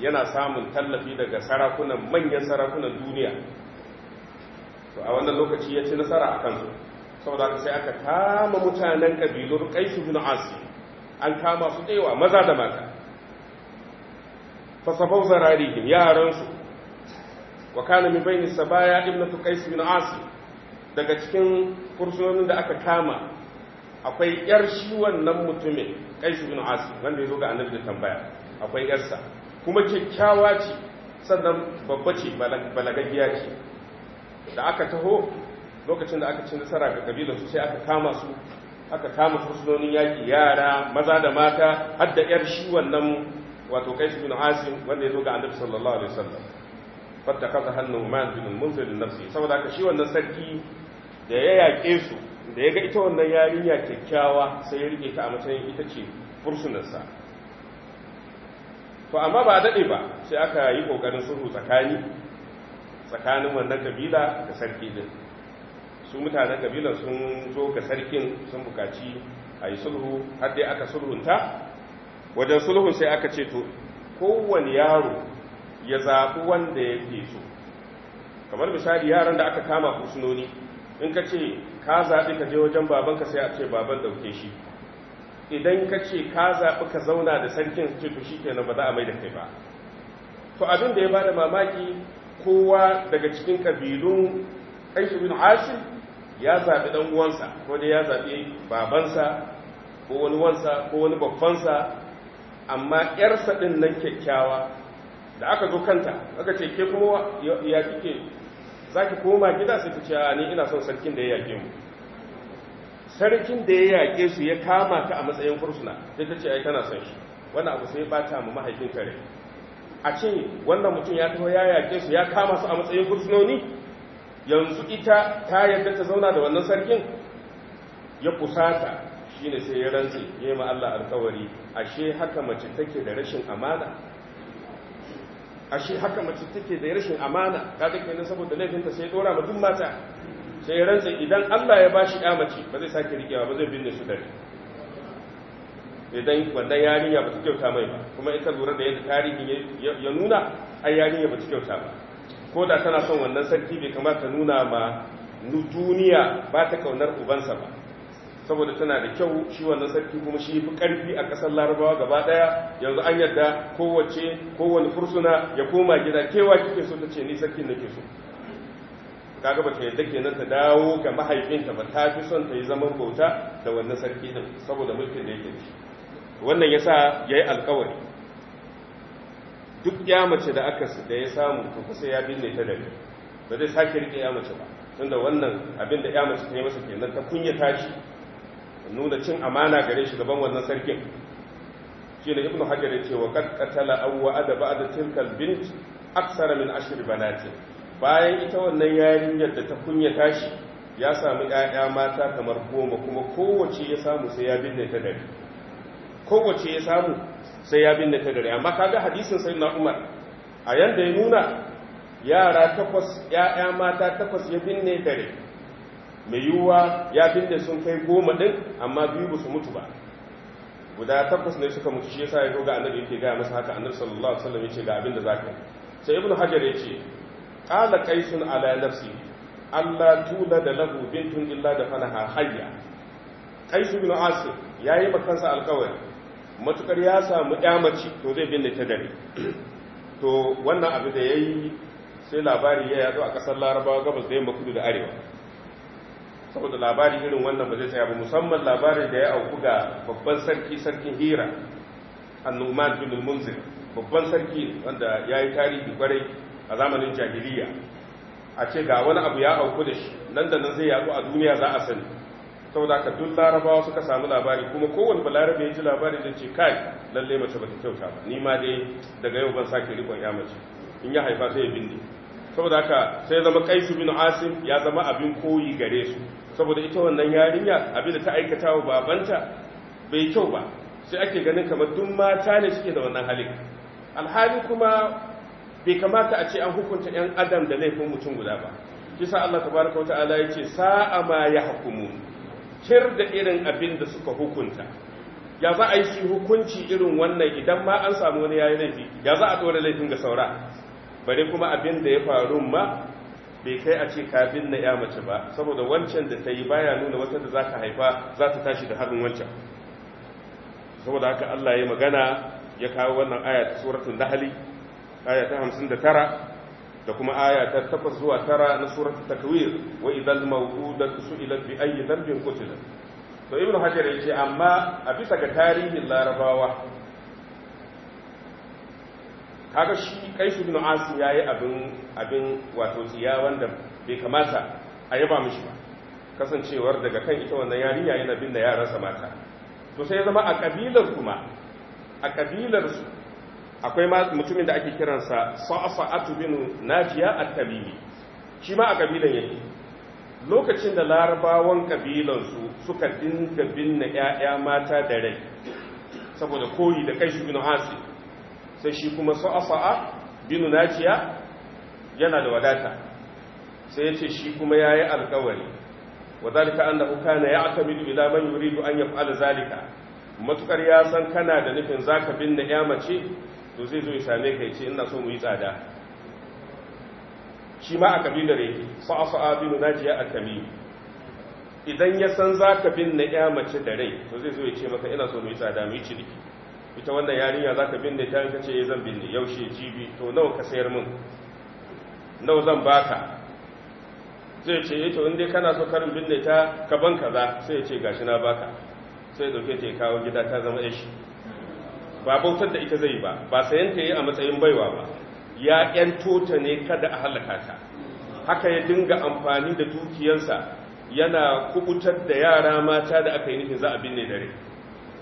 yana samun tallafi daga sarakunan manyan sarakunan duniya to a wannan lokaci ya ci nasara a kansu saboda haka sai aka kama mutanen ƙabilun ƙaisu bin asi an kama su ɗewa maza da mata fasafau zararihim yaransu wa kana min bayni sabaya ibnatu qais bin asi daga cikin fursunonin da aka kama akwai yar shi wannan mutumin qais bin asi wanda ya zo ga annabi da tambaya akwai yarsa kuma kyakkyawa ce sannan babba ce ce da aka taho lokacin da aka ci nasara ga kabilar su sai aka kama su aka kama fursunonin yaƙi yara maza da mata har yar shi wannan wato kai bin asim wanda ya zo ga annabi sallallahu alaihi wasallam fatta kaza hannu man bin munzir nafsi saboda aka shi wannan sarki da ya yaƙe su da ya ga ita wannan yarinya kyakkyawa sai ya rike ta a matsayin ita ce fursunarsa to amma ba daɗe ba sai aka yi ƙoƙarin sulhu tsakani tsakanin wannan kabila da sarki din su mutanen kabilar sun zo ga sarkin sun bukaci a yi sulhu har dai aka sulhunta wajen sulhu sai aka ce to kowane yaro ya zaɓi wanda ya ke so kamar misali yaran da aka kama kusunoni in ka ce ka zaɓi ka je wajen babanka sai a ce baban ɗauke shi idan ka ce ka zaɓi ka zauna da sarkin su ce to shi kenan ba za a mai da kai ba to abin da ya ba da mamaki kowa daga cikin ƙabilun ƙaishi bin asim ya zaɓi ɗan uwansa ko dai ya zaɓi babansa ko wani wansa ko wani babbansa amma ƴarsa ɗin nan kyakkyawa da aka zo kanta aka ce ke kuma ya kike za ki koma gida sai ku ce ni ina son sarkin da ya yake mu sarkin da ya yaƙe su ya kama ka a matsayin fursuna sai ta ce ai tana son shi wani abu sai ba ta mu mahaifin kare a ce wannan mutum ya taho ya yaƙe su ya kama su a matsayin fursunoni yanzu ita ta yarda ta zauna da wannan sarkin ya kusata shine sai ya rantsi ya yi ma Allah alkawari ashe haka mace take da rashin amana ashe haka mace take da rashin amana take ne saboda laifinta sai dora ma mata sai ya rantsa idan Allah ya bashi mace ba zai sake rike ba zai binne su dare idan wannan yarinya ba ta kyauta mai ba kuma ita lura da yadda tarihin ya nuna ai yarinya ba ta kyauta ba ko da tana son wannan sarki bai kamata nuna ma duniya ba ta kaunar ubansa ba saboda tana da kyau shi wannan sarki kuma shi fi karfi a kasar larabawa gaba daya yanzu an yadda kowace kowane fursuna ya koma gida kewa kike so ta ce ni sarkin ke so kaga ta yadda nan ta dawo ga mahaifinta ba ta fi son ta yi zaman bauta da wannan sarki din saboda mulkin da yake ci wannan yasa yayi alkawari duk ya mace da aka da ya samu to kusa ya binne ta da ba zai sake rike ya mace ba tunda wannan abin da ya mace ta yi masa kenan ta kunya tashi nuna cin amana gare shi gaban wannan sarkin Shi shine ibnu hajar ya ce wa qad qatala awwa adaba da tilkal bint aksara min bana banatin bayan ita wannan yarinyar da ta kunya tashi ya sami ƴaƴa mata kamar goma kuma kowace ya samu sai ya binne ta dare kowace ya samu sai ya binne ta dare amma kaga hadisin sai na Umar a yanda ya nuna yara takwas ƴaƴa mata takwas ya binne dare mai yiwuwa ya binne sun kai goma din amma biyu ba su mutu ba guda takwas ne suka mutu shi yasa ya ga annabi yake ga masa haka annabi sallallahu alaihi wasallam yace ga abin da zaka yi sai ibnu hajar yace qala qaisun ala nafsi alla da lahu bintun illa da fanaha hayya qais ibn ya yayi makansa alkawari matukar ya samu mace to zai binne ta dare to wannan abu da yayi sai labari ya yazo a kasar larabawa gabas da yamma kudu da arewa saboda labari irin wannan ba zai tsaya ba musamman labarin da ya auku ga babban sarki sarkin hira annuman bin munzir babban sarki wanda ya yi tarihi kwarai a zamanin jahiliya a ce ga wani abu ya auku da shi nan da nan zai yaɗu a duniya za a sani saboda ka duk larabawa suka samu labari kuma kowane balarabe ya ji labari da ce kai lallai mace ba ta kyauta ba ni ma dai daga yau ban sake rikon ya mace in ya haifa sai ya binne saboda haka sai zama kaisu bin asim ya zama abin koyi gare su saboda ita wannan yarinya abin da ta aikata wa babanta bai kyau ba sai ake ganin kamar duk mata ne suke da wannan halin alhali kuma bai kamata a ce an hukunta ‘yan adam da laifin mutum guda ba kisa Allah tabaraka wa ta'ala ya ce sa'a ma ya hukumu kir da irin abin da suka hukunta ya za a yi shi hukunci irin wannan idan ma an samu wani yayi laifi ya za a ɗora laifin ga saura bare kuma abin da ya faru ma bai kai a ce ka binne ya mace ba saboda wancan da ta yi baya nuna wata da za ka haifa za ta tashi da harin wancan saboda haka Allah ya magana ya kawo wannan aya ta suratul nahl aya ta hamsin da kuma aya ta 8 zuwa tara na suratul takwir wa idal mawqudatu su'ilat bi ayyi dhanbin qutilat to ibnu hajar ce amma a bisa ga tarihin larabawa kaga shi kai shi bin asim yayi abin abin wato tsiya wanda bai kamata a yaba mishi ba kasancewar daga kan ita wannan yarinya yana bin da yaransa mata to sai ya zama a kabilar kuma a kabilar su akwai mutumin da ake kiransa sa'afa'atu na nafiya a tabibi shi ma a kabilan yake lokacin da larabawan kabilansu suka dinga binne 'ya'ya mata da rai saboda koyi da kai shi binu hasi sai shi kuma sa'afa'a binu-najiya yana da wadata sai ce shi kuma ya yi alkawari wadalika annahu ya ya'tamidu ila man yuridu an yaf'ala alzalika? matukar ya san kana da nufin za zaka binne 'ya mace to zai zo ya same ka ce ina so mu yi tsada shi ma a kabilar yake fa'afa'a na najiya a kabi idan ya san za ka binne ya mace da rai to zai zo ya ce maka ina so mu yi tsada mu yi ciniki ita wannan yarinya za ka binne ta yanka ce eh, zan binne yaushe jibi to nawa ka sayar min nawa zan baka zai ce ya eh, to inda kana so karin binne ta ka ban kaza sai ya ce gashi na baka sai dauke ta ya kawo gida ta zama yashi ba bautar da ita zai ba ba sayan ta yi a matsayin baiwa ba ya ƴanto ta ne kada a halaka ta haka ya dinga amfani da dukiyarsa yana kubutar da yara mata da aka yi nufin za a binne dare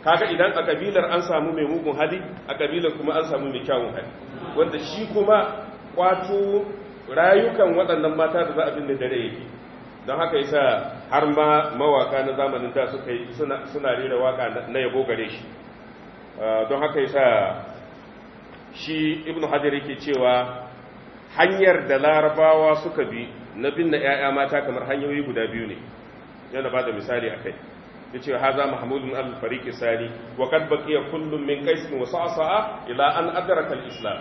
kaga idan a kabilar an samu mai mugun hali a kabilar kuma an samu mai kyawun hali wanda shi kuma kwato rayukan waɗannan mata da za a binne dare yake don haka yasa har ma mawaka na zamanin da suka yi suna rera waka na yabo gare shi Eh, don haka yasa shi ibnu hajar yake cewa hanyar da larabawa suka bi na binne ‘ya'ya mata kamar hanyoyi guda biyu ne yana ba da misali a kai ya ce haza mahamudun al-fariki sani wa kad baqiya kullum min qaisin wa sa'sa'a ila an adraka al-islam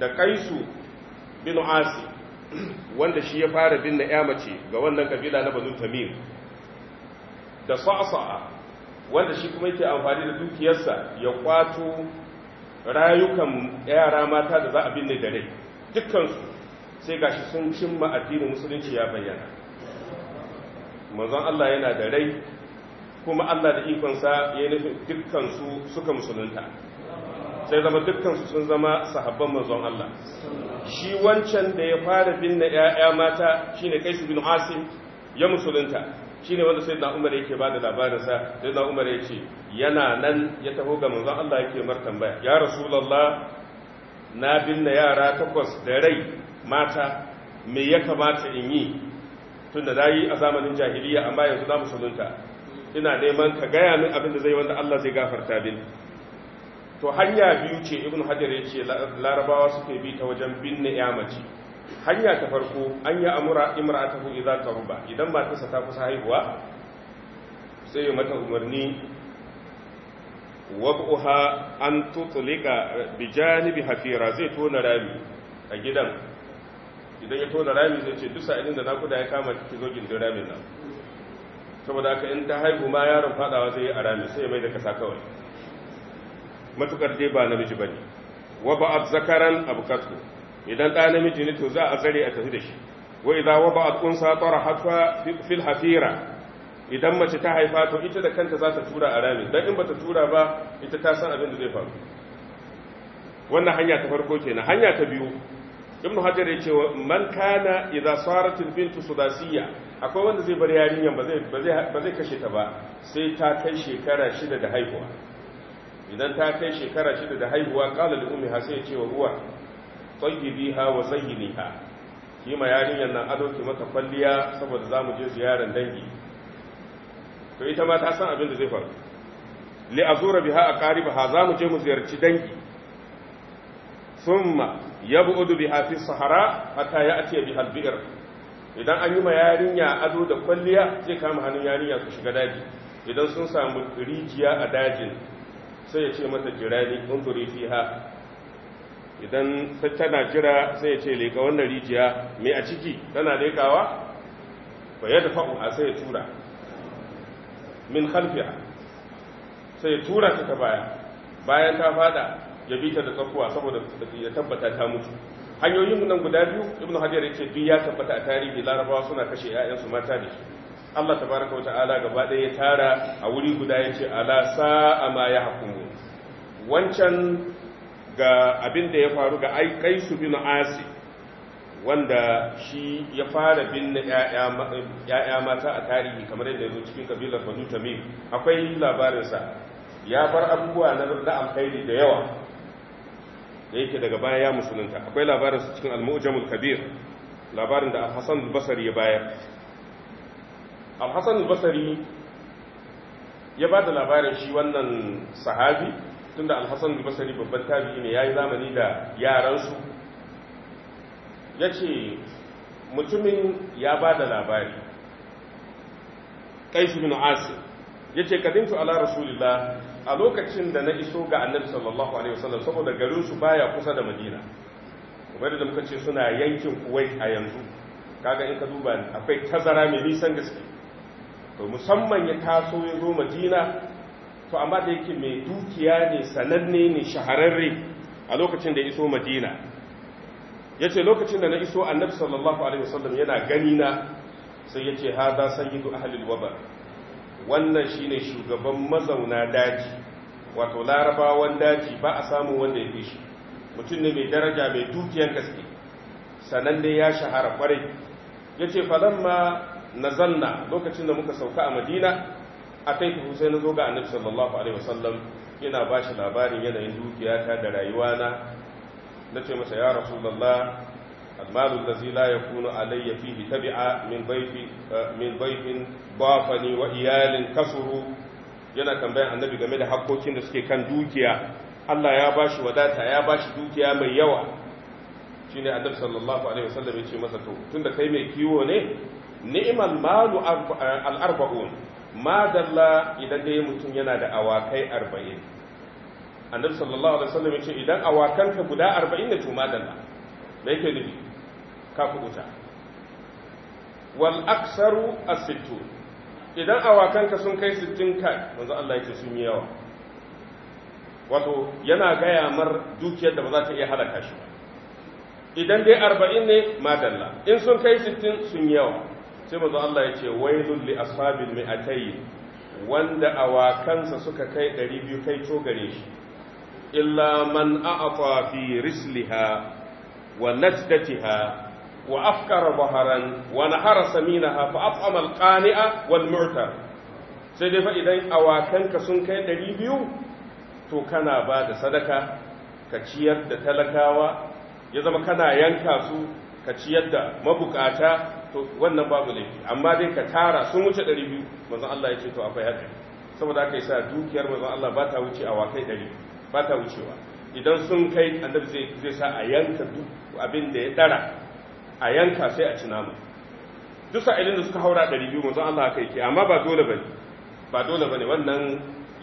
da qaisu bin asi wanda shi ya fara binne ‘ya mace ga wannan kabila na banu tamim da sa'sa'a wanda shi kuma yake amfani da dukiyarsa ya kwato rayukan yara mata da za a binne da rai dukkansu sai gashi sun cimma addinin musulunci ya bayyana manzon Allah yana da rai kuma Allah da ikonsa ya yi nufi dukkansu suka musulunta sai zama dukkansu sun zama sahabban manzon Allah shi wancan da ya fara binne 'ya'ya mata shine su bin Asim ya musulunta shine wanda sai na umar yake ba da sa sai na umar ya ce yana nan ya taho ga manzon Allah yake mar tambaya ya rasulullah na binne yara takwas da rai mata me ya kamata in yi tunda da yi a zamanin jahiliya amma yanzu mu musulunta ina neman ka gaya min abin da zai wanda Allah zai gafarta bin to hanya biyu ce ibnu hajar yace larabawa suke bi ta wajen binne ya mace hanya ta farko an yi amura imra'atahu ta taruba idan matarsa ta kusa haihuwa sai ya mata umarni wab'uha an tutlika bi janibi hafira zai tona rami a gidan idan ya tona rami zai ce dusa inda na kuda ya kama ki zo gindin ramin nan saboda haka in ta haihu ma yaron fadawa zai yi a rami sai ya mai da kasa kawai matukar dai ba namiji bane wa ba'at zakaran abukatu idan ɗa namiji ne to za a zare a tafi da shi wa idza wada'at unsa taraha fil hafira idan mace ta haifa to ita da kanta za ta tura a rami dan in bata tura ba ita ta san abin da zai faru wannan hanya ta farko kenan hanya ta biyu ibnu hajar ya ce man kana idza sarat al bintu sudasiyya akwai wanda zai bar yarinyar ba zai ba zai kashe ta ba sai ta kai shekara shida da haihuwa idan ta kai shekara shida da haihuwa qala li ummi hasa ya ce wa huwa tayyibiha wa zayyiniha ki ma yarinyar nan ado ke mata kwalliya saboda za mu je ziyarar dangi to ita ma ta san abin da zai faru li zura biha za mu je mu ziyarci dangi bu udu biha fi sahara hatta ya biha al idan an yi ma yarinya ado da kwalliya zai kama hannun yarinya su shiga daji idan sun samu rijiya a dajin sai ya ce mata jirani unzuri ha. idan tana jira sai ya ce leka wannan rijiya mai a ciki tana lekawa ba yadda fa'u a sai ya tura min halfiya sai ya tura ta baya bayan ta fada ya bi ta da tsakuwa saboda ya tabbata ta mutu hanyoyin nan guda biyu Ibn hajar ya ce duk ya tabbata a tarihi larabawa suna kashe 'ya'yansu mata da su Allah Ta baraka wata ala gaba ɗaya ya tara a wuri guda ya ce ala sa'a ma ya hakumu wancan ga abin da ya faru ga aikai bin asi wanda shi ya fara binne ‘ya'ya mata a tarihi kamar yadda yanzu cikin kabilar banu tamim akwai labarinsa ya bar abubuwa na alkhairi da yawa da yake daga baya ya musulunta akwai labarinsa cikin al-mu'jamul kabir labarin da al-hassan al-basari ya bayar al-hassan al-basari ya ba da labarin shi wannan sahabi tunda alhassan basari babban tabi ne ya yi zamani da yaransu ya ce mutumin ya ba da labari ƙaisu bin asir ya ce kadintu ala rasulillah a lokacin da na iso ga annabi sallallahu alaihi wasallam saboda garinsu baya kusa da madina kuma da muka ce suna yankin kuwait a yanzu kaga in ka duba akwai tazara mai nisan gaske to musamman ya taso ya zo madina to amma da yake mai dukiya ne sananne ne shahararre a lokacin da iso madina ya ce lokacin da na iso annabi sallallahu alaihi wasallam yana gani na sai ya ce haza sayyidu ahlil wabar wannan shine shugaban mazauna daji wato larabawan daji ba a samu wanda ya fi shi mutum ne mai daraja mai dukiyar gaske sananne ya shahara kwarai ya ce falamma zanna lokacin da muka sauka a madina ataitu sai na zo ga annabi sallallahu alaihi wasallam ina ba shi labarin yanayin dukiyata da rayuwana na ce masa ya rasulullah almalul ladzi la yakunu alayya fihi tabi'a min bayfi min bayfin wa iyalin kasuru yana tambayan annabi game da hakkokin da suke kan dukiya Allah ya bashi wadata ya bashi dukiya mai yawa shine annabi sallallahu alaihi wasallam ya ce masa to tunda kai mai kiwo ne ni'mal malu al-arba'un madalla idan dai mutum yana da awakai arba'in annab sallallahu alaihi wasallam ya ce idan awakanka guda arba'in da cuma dalla da yake nufi ka kubuta wal aksaru asittu idan awakanka sun kai sittin kai manzo Allah ya ce sun yi yawa wato yana gaya mar dukiyar da ba za ta iya halaka shi ba idan dai arba'in ne madalla in sun kai sittin sun yi yawa sai mazu Allah ya ce wailun li ashabin mi'atayn wanda awakansa suka kai 200 kai to gare shi illa man a'ata fi risliha wa najdatiha wa afkara baharan wa nahara saminaha fa at'ama al wal mu'tar sai dai fa idan awakanka sun kai 200 to kana ba da sadaka ka ciyar da talakawa ya zama kana yanka su ka ciyar da mabukata to wannan babu laifi amma dai ka tara sun wuce 200 manzon Allah ya ce to akwai haka saboda haka yasa dukiyar manzon Allah ba ta wuce a wakai 100 ba ta wucewa idan sun kai annabi zai zai sa a yanka duk abin da ya dara a yanka sai a ci nama duk sa'ilin da suka haura 200 manzon Allah haka yake amma ba dole bane ba dole bane wannan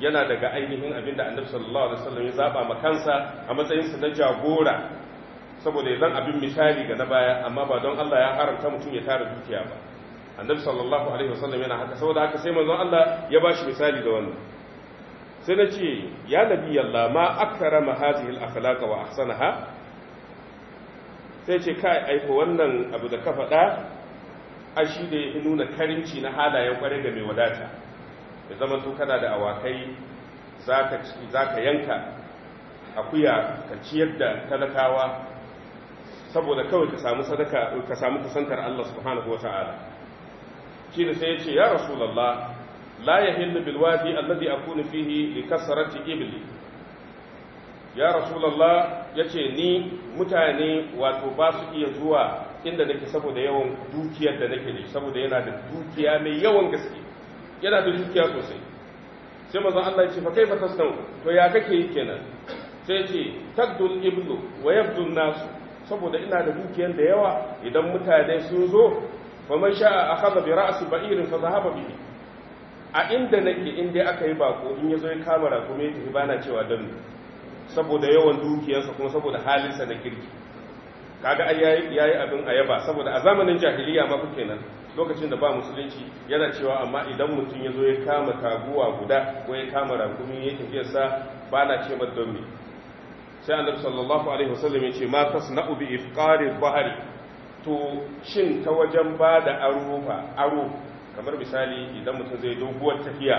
yana daga ainihin abin da annabi sallallahu alaihi wasallam ya zaba makansa a matsayinsa na jagora saboda ya zan abin misali ga na baya amma ba don Allah ya haramta mutum ya tara dukiya ba annabi sallallahu alaihi wasallam yana haka saboda haka sai manzon Allah ya bashi misali da wannan sai na ce ya nabi Allah ma akrama hadhihi al-akhlaq wa ahsanaha sai ce kai aiko wannan abu da ka faɗa ashi da ya nuna karinci na halayen kwarai da mai wadata ya zama to kana da awakai zaka zaka yanka akuya ka ciyar da talakawa saboda kawai ka samu sadaka ka samu kusantar Allah subhanahu wa ta'ala shi da sai ya ce ya rasulullah la yahillu bil wadi alladhi akunu fihi li kasrati ibli ya rasulullah yace ni mutane wato ba su iya zuwa inda nake saboda yawan dukiyar da nake ne saboda yana da dukiya mai yawan gaske yana da dukiya sosai sai manzon Allah ya ce fa kaifa tasnau to ya kake yi kenan sai ce tagdul iblu wa yabdul nasu saboda ina da dukiyar da yawa idan mutane sun zo fa man sha'a akhadha bi ra'si ba'irin fa zahaba bihi a inda nake inda aka yi bako in yazo ya kama ya tafi bana cewa dan saboda yawan dukiyarsa kuma saboda halinsa na kirki kaga ai yayi abin ayaba saboda a zamanin jahiliya ma kuke nan lokacin da ba musulunci yana cewa amma idan mutum ya zo ya kama taguwa guda ko ya kama rakumi ya tafiyarsa bana ce ba don sai annabi sallallahu alaihi wasallam yace ma tasna'u bi ifqari bahari to shin ta wajen ba da aro aro kamar misali idan mutum zai doguwar tafiya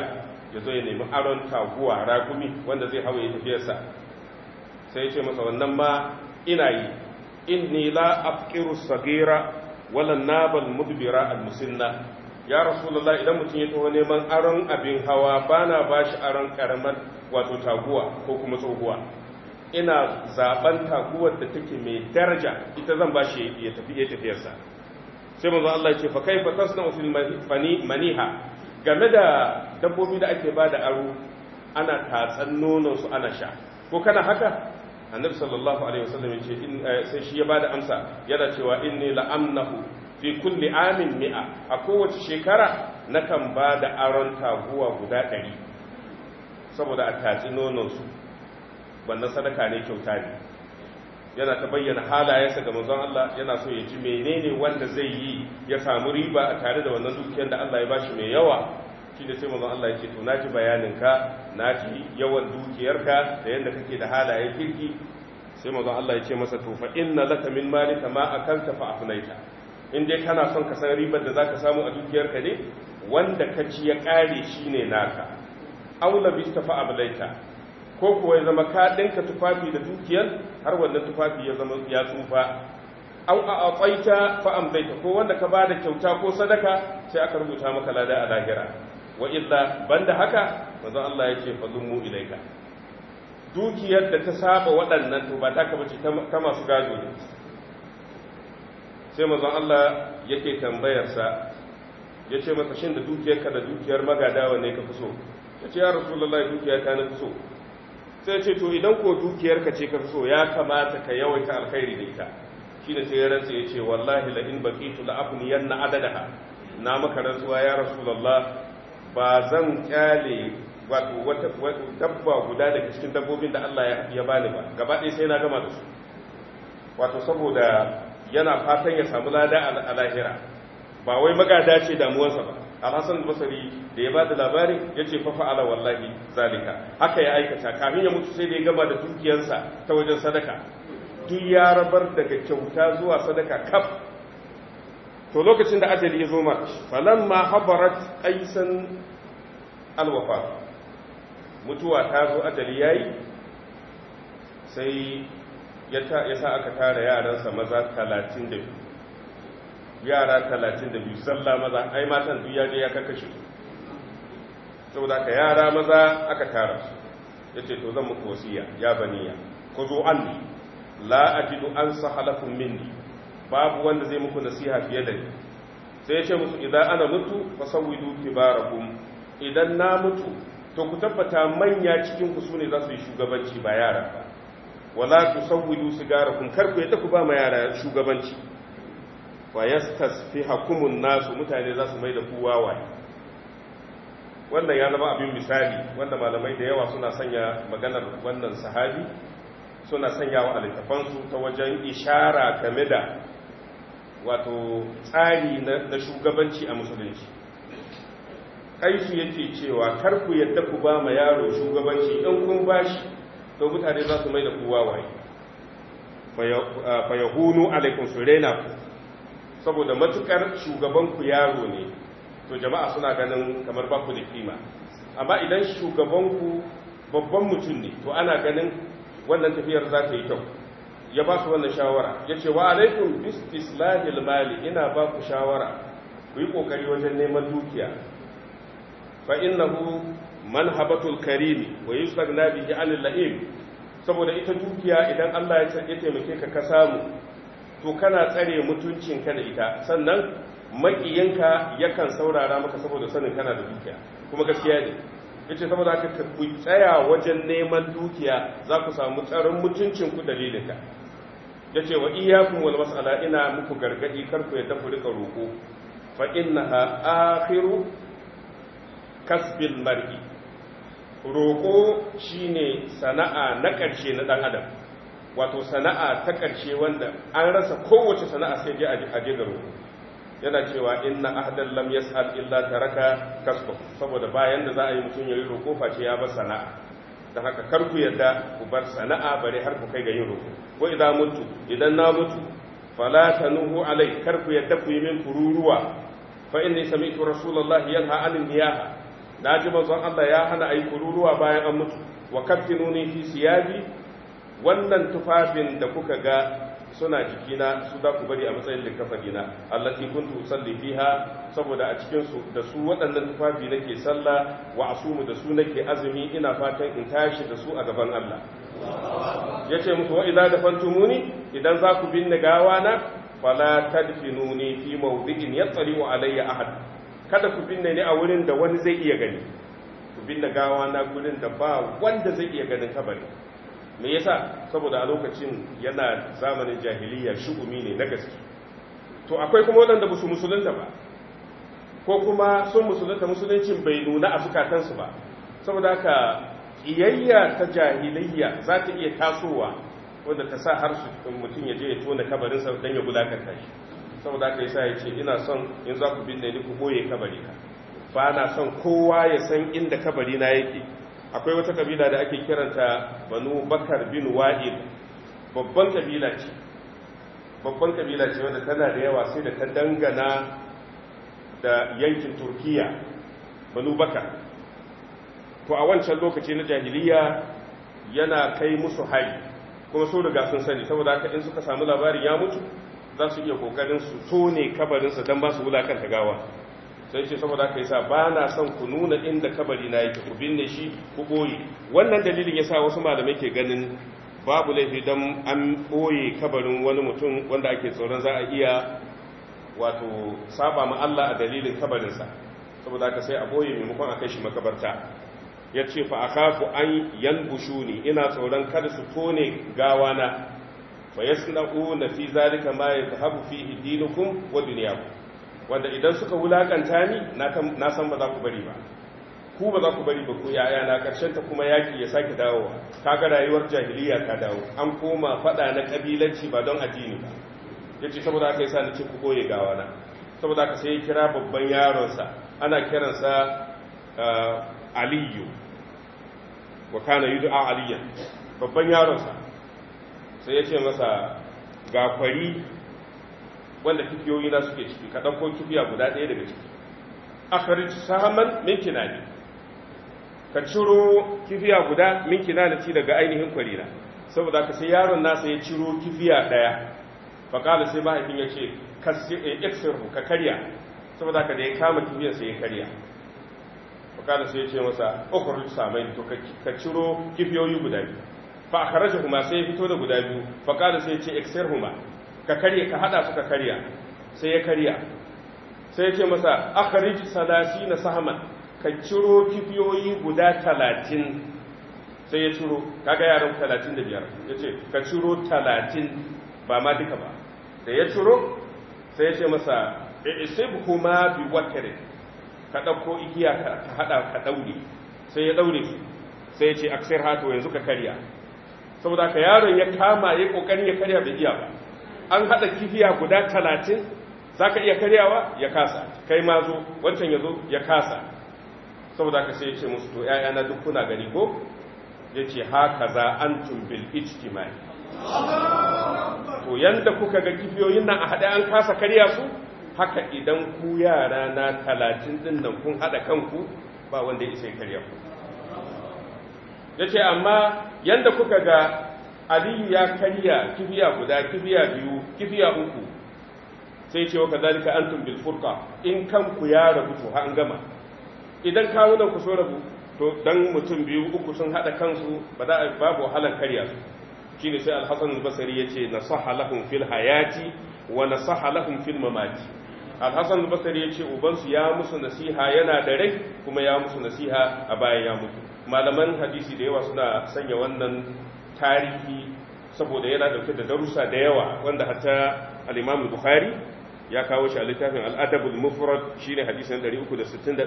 ya zo ya nemi aron taguwa ragumi wanda zai hawaye tafiyarsa sai ce masa wannan ma ina yi inni la afqiru sagira wala nabal mudbira al musinna ya rasu rasulullah idan mutum ya taho neman aron abin hawa bana bashi aron karamar wato taguwa ko kuma tsohuwa ina zaben taguwar da take mai daraja ita zan ba shi ya tafi ya tafiyarsa sai manzo Allah ya ce fa kaifa tasna'u fil maniha game da dabbobi da ake bada aro ana tatsan nonon su ana sha ko kana haka annabi sallallahu alaihi wasallam ya eh, sai shi ya bada amsa yana cewa inni la'amnahu fi kulli amin mi'a a kowace shekara nakan bada aron taguwa guda 100 saboda a tatsi nonon su wannan sadaka ne kyauta ne yana ta bayyana halayensa ga manzon Allah yana so ya ji menene wanda zai yi ya samu riba a tare da wannan dukiyar da Allah ya bashi mai yawa shi da sai manzon Allah ya ce to naji bayaninka naji yawan dukiyarka da yanda kake da halaye kirki sai manzon Allah ya ce masa to fa inna laka min malika ma akanta fa afnaita in dai kana son ka san ribar da zaka samu a dukiyarka ne wanda ka ci ya kare shine naka aula bistafa ablaita ko kuwa ya zama ka ɗinka tufafi da dukiyar har wannan tufafi ya zama ya tsufa au a akwaita fa amzaita ko wanda ka bada kyauta ko sadaka sai aka rubuta maka lada a lahira wa illa banda haka manzo Allah yake fa zummu ilaika dukiyar da ta saba waɗannan to ba ta ka bace ta masu gado ne sai manzo Allah yake tambayar sa yace maka shin da dukiyarka da dukiyar magadawa ne ka fi so yace ya rasulullahi dukiyar ta na fi so sai ce to idan ko dukiyarka ce ka so ya kamata ka yawaita alkhairi da ita shi da sai ya rantsa ya ce wallahi la in baqitu la afniyanna adadaha na maka rantsuwa ya rasulullah ba zan kyale wato wata dabba guda daga cikin dabbobin da Allah ya bani ba gaba ɗaya sai na gama da su wato saboda yana fatan ya samu lada a lahira ba wai magada ce damuwarsa ba alhassan basari da ya bada labari ya ce fa fa'ala wallahi zalika haka ya aikata kafin ya mutu sai da ya gaba da dukiyarsa ta wajen sadaka duk ya rabar daga kyauta zuwa sadaka kaf to lokacin da ajali ya zo ma falamma habarat qaisan alwafa mutuwa ta zo ajali yayi sai ya sa aka tara yaransa maza da yara talatin da biyu sallah maza ai matan duk ya ya kakashe su saboda ka yara maza aka tara su ya ce to zan muku wasiya ya baniya ku zo an ne la ajidu an sahalakum minni babu wanda zai muku nasiha fiye da ni sai ya ce musu idan ana mutu fa kibarakum idan na mutu to ku tabbata manya cikin ku sune za su yi shugabanci ba yara ba wala tusawwidu sigarakum karku ku yadda ku ba ma yara shugabanci wa yastasfihakumun nasu mutane za su mai da wannan ya zama abin misali wanda malamai da yawa suna sanya maganar wannan sahabi suna sanya wa ta wajen ishara game da wato tsari na shugabanci a musulunci kaisu yake cewa kar ku yadda ku ba ma yaro shugabanci ɗan kun bashi to mutane za su mai da ku wawaye yahunu alaikum saboda matukar shugabanku yaro ne to jama'a suna ganin kamar ba ku da kima amma idan shugabanku babban mutum ne to ana ganin wannan tafiyar za ta yi kyau ya ba su wannan shawara ya ce wa alaikum bistislahil mali ina ba ku shawara ku yi kokari wajen neman dukiya fa innahu manhabatul karim wa yustagna bihi anil la'im saboda ita dukiya idan Allah ya taimake ka ka samu to kana tsare mutuncinka da ita sannan makiyinka yakan saurara maka saboda sanin kana da dukiya kuma gaskiya ne yace saboda haka ka ku tsaya wajen neman dukiya za ku samu tsaron ku dalilinka yace wa iyyakum wal mas'ala ina muku gargadi kar ku yadda ku rika roko fa innaha akhiru kasbil mar'i roko shine sana'a na ƙarshe na dan adam wato sana'a ta ƙarshe wanda an rasa kowace sana'a sai ji a je da roƙo yana cewa inna ahdan lam yas'al illa taraka kasbu saboda bayan da za a yi mutum ya yi roƙo face ya bar sana'a Da haka kar ku yarda ku bar sana'a bare har ku kai ga yin roƙo ko idan mutu idan na mutu fala tanuhu alai kar ku yarda ku yi min kururuwa fa inni sami'tu rasulullahi yanha anil niyaha ji manzon Allah ya hana ayi kururuwa bayan an mutu wa kaffinuni fi siyabi wannan tufafin da kuka ga suna jikina su za ku bari a matsayin likkafarina allati kuntu usalli fiha saboda a cikin su da su waɗannan tufafi nake sallah wa asumu da su nake azumi ina fatan in tashi da su a gaban Allah yace musu wa idza dafantumuni idan za ku binne gawana fala tadfinuni fi mawdi'in yatsali'u alayya ahad kada ku binne ni a wurin da wani zai iya gani ku binne gawana gurin da ba wanda zai iya ganin kabari me yasa saboda a lokacin yana zamanin jahiliya shugumi ne na gaske to akwai kuma waɗanda ba su musulunta ba ko kuma sun musulunta musuluncin bai nuna a zukatansu ba saboda haka iyayya ta jahiliya za ta iya tasowa wanda ta sa har su mutum ya je ya tona kabarin sa don ya gulakanta shi saboda haka yasa ya ce ina son in za ku binne ni ku boye kabari ka ba na son kowa ya san inda kabari na yake akwai wata kabila da ake kiranta banu bakar bin wa'il babban kabila ce babban kabila ce wanda tana da yawa sai da ta dangana da yankin turkiya banu bakar to a wancan lokaci na jahiliya yana kai musu hari kuma so daga sun sani saboda haka in suka samu labarin ya mutu za su iya kokarin su tone kabarinsa don ba su wulakanta gawa sai ce saboda aka yi sa ba na son ku nuna inda kabari na yake ku binne shi ku ɓoye wannan dalilin ya sa wasu malamai ke ganin babu laifi don an ɓoye kabarin wani mutum wanda ake tsoron za a iya wato saba ma Allah a dalilin kabarinsa saboda aka sai a ɓoye maimakon a kai shi makabarta ya ce fa a kafu an yalbushu ne ina tsoron kada su tone gawana fa yasna'u na fi zalika ma yatahabu fi dinukum wa dunyakum wanda idan suka wulakanta ni na san ba za ku bari ba ku ba za ku bari ba ku yaya na karshen ta kuma yaki ya sake dawowa kaga rayuwar jahiliya ta dawo an koma fada na kabilanci ba don addini ba yace saboda haka yasa nace ku goye gawa na saboda haka sai ya kira babban yaron sa ana kiransa eh, aliyu wa kana du'a aliyan babban yaron sa sai yace masa ga kwari wanda kifiyoyi na suke ciki ka ɗauko kifiya guda ɗaya daga ciki akhrij sahaman na ne ka ciro kifiya guda min ci daga ainihin kwarina saboda ka sai yaron nasa ya ciro kifiya ɗaya fa sai mahaifin ya ce ka eh, kasirhu ka karya saboda ka da ya kama kifiyar sai ya karya fa sai ya ce masa ukhrij saman to ka ciro kifiyoyi guda biyu fa a akhrajahu ma sai ya fito da guda biyu fa sai ya ce iksirhuma ka karya ka hada suka karya sai ya karya sai ce masa akhrij na sahman ka ciro kifiyoyi guda talatin sai ya ciro kaga yaran talatin da biyar ya ce ka ciro talatin ba ma duka ba da ya ciro sai ya ce masa e, isibhuma kuma bi wakare ka dauko igiya ka haɗa ka daure sai ya daure su sai ya ce aksir hato yanzu ka karya saboda ka yaron ya kama ya ƙoƙarin ya karya bai iya ba an haɗa kifiya guda talatin za ka iya karyawa ya kasa kai ma zo wancan ya zo ya kasa saboda ka sai ya ce musu to ‘ya'yana duk kuna gani ko ya ce haka za an tumbil ijtimai to yanda kuka ga kifiyoyin nan a haɗe an kasa karya su haka idan ku yara na talatin ɗin nan kun haɗa kanku ba wanda ya isa karya ku ya ce amma yanda kuka ga aliyu ya karya kibiya guda kibiya biyu kibiya uku sai ce waka zalika antum bil furqa in ku ya rabu to ha an gama idan kawunan ku so rabu to dan mutum biyu uku sun hada kansu ba za a babu wahalan karya su shine sai al-hasan al-basri yace nasaha lahum fil hayati wa nasaha lahum fil mamati al-hasan al-basri yace uban su ya musu nasiha yana da rai kuma ya musu nasiha a bayan ya mutu malaman hadisi da yawa suna sanya wannan tarihi saboda yana dauke da darussa da yawa wanda hatta al-Imam Bukhari ya kawo shi a littafin al-Adab mufrad shine hadisin 361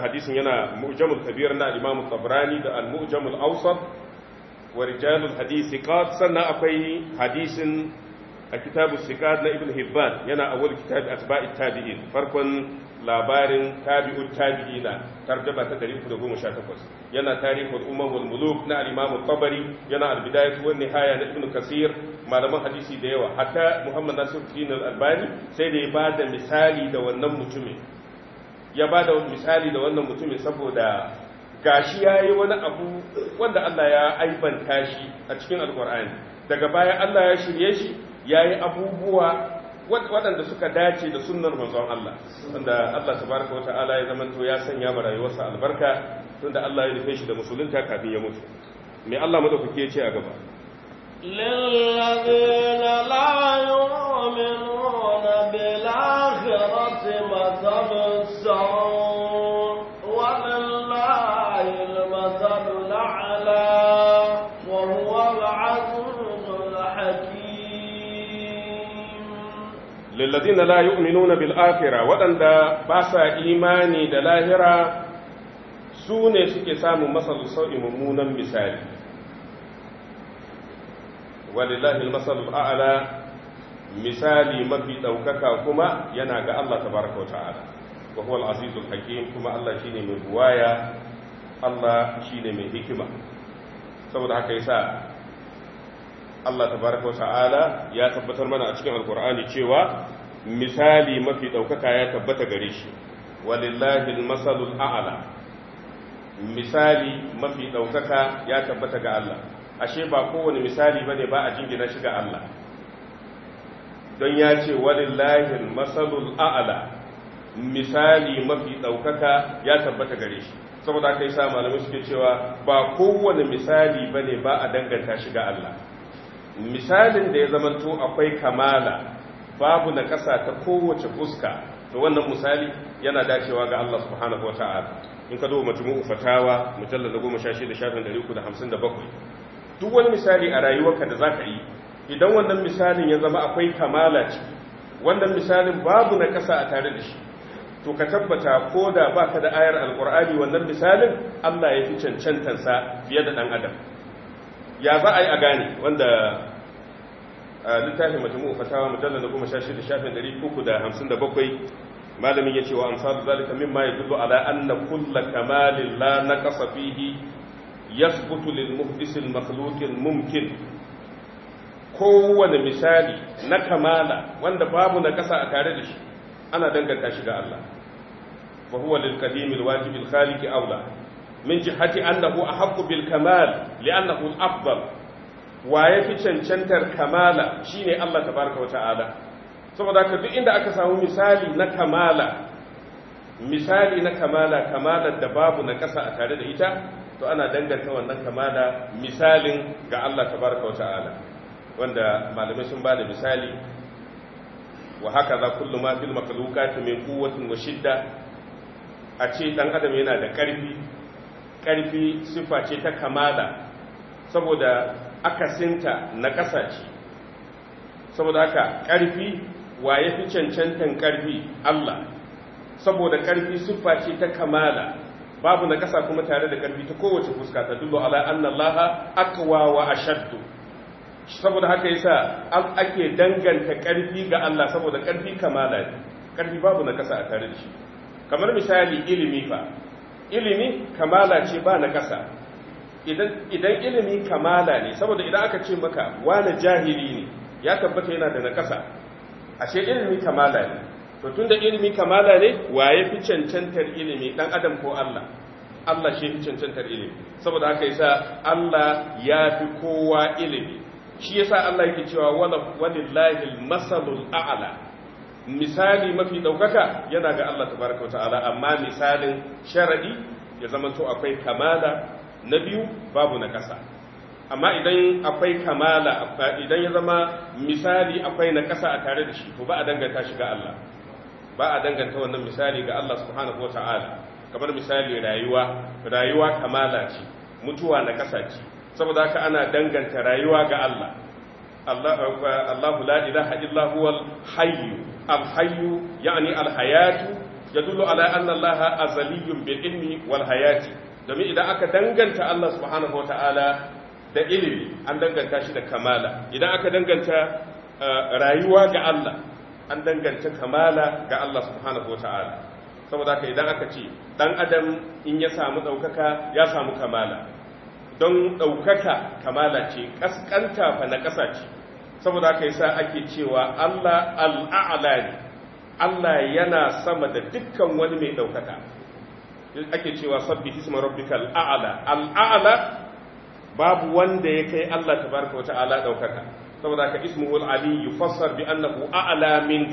hadisin yana Mu'jamul Kabir na Imam Tabrani da al-Mu'jamul Awsat wa rijalul hadisi qad sannan akwai hadisin a kitabu sikad na ibn hibban yana awwal kitab asba'i tabi'in farkon labarin tabi'ut tabi'ina tarjuma ta 318 yana tarihul umam wal muluk na al-imam tabari yana al-bidayah wa nihaya na ibn kasir malaman hadisi da yawa hatta muhammad nasiruddin al-albani sai da ya bada misali da wannan mutumin ya bada misali da wannan mutumin saboda gashi yayi wani abu wanda Allah ya aibanta shi a cikin alqur'ani daga baya Allah ya shirye shi ya yi abubuwa waɗanda suka dace da sunnar manzon Allah wanda Allah tabaraka wa ta'ala ya zamanto ya sanya ba rayuwarsa albarka tunda Allah ya rufe shi da musulunta kafin ya mutu me Allah madaukake ya ce a gaba للذين لا يؤمنون بالآخرة مثل السوء ولله المثل الأعلى lillazina la yu'minuna bil akhirah waɗanda ba sa imani da lahira su ne suke samun masalu sau'i mummunan misali walillahi al-masalul a'la misali mafi ɗaukaka kuma yana ga Allah tabaraka wa ta'ala wa al-azizul hakim kuma Allah shine mai buwaya Allah shine mai hikima saboda haka yasa Allah tabaraka wa ta'ala ya tabbatar mana a cikin alkur'ani cewa misali mafi ɗaukaka ya tabbata gare shi walillahi masalul a'ala misali mafi ɗaukaka ya tabbata ga Allah ashe ba kowane misali bane ba a jingina shi ga Allah don ya ce walillahi masalul a'ala misali mafi ɗaukaka ya tabbata gare shi saboda aka yi sa malamai suke cewa ba kowane misali bane ba a danganta shi ga Allah misalin da ya zamanto akwai kamala babu na ƙasa ta kowace fuska to wannan misali yana dacewa ga Allah subhanahu wa ta'ala in ka zo majmu'u fatawa mujallal 16 shafin 357 duk wani misali a rayuwarka da zaka yi idan wannan misalin ya zama akwai kamala ci wannan misalin babu na ƙasa a tare da shi to ka tabbata ko da baka da ayar alqur'ani wannan misalin Allah ya fi cancantansa fiye da dan adam ya za a yi a gane wanda a littafin a fatawa shashi da shafin da da hamsin bakwai malamin ya ce wa da zalika min ma ya gudu ala anna kulla kamalin la kasa fihi yasbutu lil muhdisin makhlukin mumkin kowane misali na kamala wanda babu na kasa a tare da shi ana danganta shi ga Allah fa huwa lil qadim al wajib aula min jihati annahu ahaqqu bil kamal li'annahu afdal wa yafi cancantar kamala shine Allah tabaraka wa ta'ala saboda haka duk inda aka samu misali na kamala misali na kamala kamalar da babu na ƙasa a tare da ita to ana danganta wannan kamala misalin ga Allah tabaraka wa ta'ala wanda malamai sun ba da misali wa haka za kullu ma fil makhluqati min quwwatin wa shidda a ce dan adam yana da ƙarfi ƙarfi sufa ce ta kamala saboda akasinta na ƙasa ce saboda haka ƙarfi wa ya fi cancantan ƙarfi Allah saboda ƙarfi sufa ce ta kamala babu na ƙasa kuma tare da ƙarfi ta kowace fuska ta dullo ala annallaha wawa wa ashaddu saboda haka yasa an ake danganta ƙarfi ga Allah saboda ƙarfi kamala ƙarfi babu na ƙasa a tare da shi kamar misali ilimi fa ilimi kamala ce ba na ƙasa idan ilimi kamala ne saboda idan aka ce maka wani jahili ne ya tabbata yana da na ƙasa ashe ilimi kamala ne to tun da ilimi kamala ne waye fi cancantar ilimi dan adam ko Allah Allah shi fi cancantar ilimi saboda aka yi sa Allah ya fi kowa ilimi shi yasa Allah yake cewa walillahi masalul a'la misali mafi daukaka yana ga Allah tabaraka ta'ala amma misalin sharadi ya zama to akwai kamala na biyu babu na kasa amma idan akwai kamala idan ya zama misali akwai na kasa a tare da shi to ba a danganta shi ga Allah ba a danganta wannan misali ga Allah subhanahu wata'ala kamar misali rayuwa rayuwa kamala ce mutuwa na kasa ce saboda haka ana danganta rayuwa ga Allah الله لا إله إلا هو الحي الحي يعني الحياة يدل على أن الله أزلي والحياة domin idan aka danganta Allah subhanahu da ilimi an danganta shi da kamala idan aka danganta uh, rayuwa ga Allah an danganta kamala ga Allah subhanahu saboda haka idan aka ce dan adam in ya samu ɗaukaka ya samu kamala don ɗaukaka kamala ce ƙasƙanta fa na ƙasa ce saboda haka yasa ake cewa Allah al'a'la ne Allah yana sama da dukkan wani mai ɗaukaka ake cewa sabbi isma rabbikal al'ala, al'a'la babu wanda ya kai Allah tabaraka wa ta'ala ɗaukaka saboda haka ismu al-ali yufassar bi annahu a'la min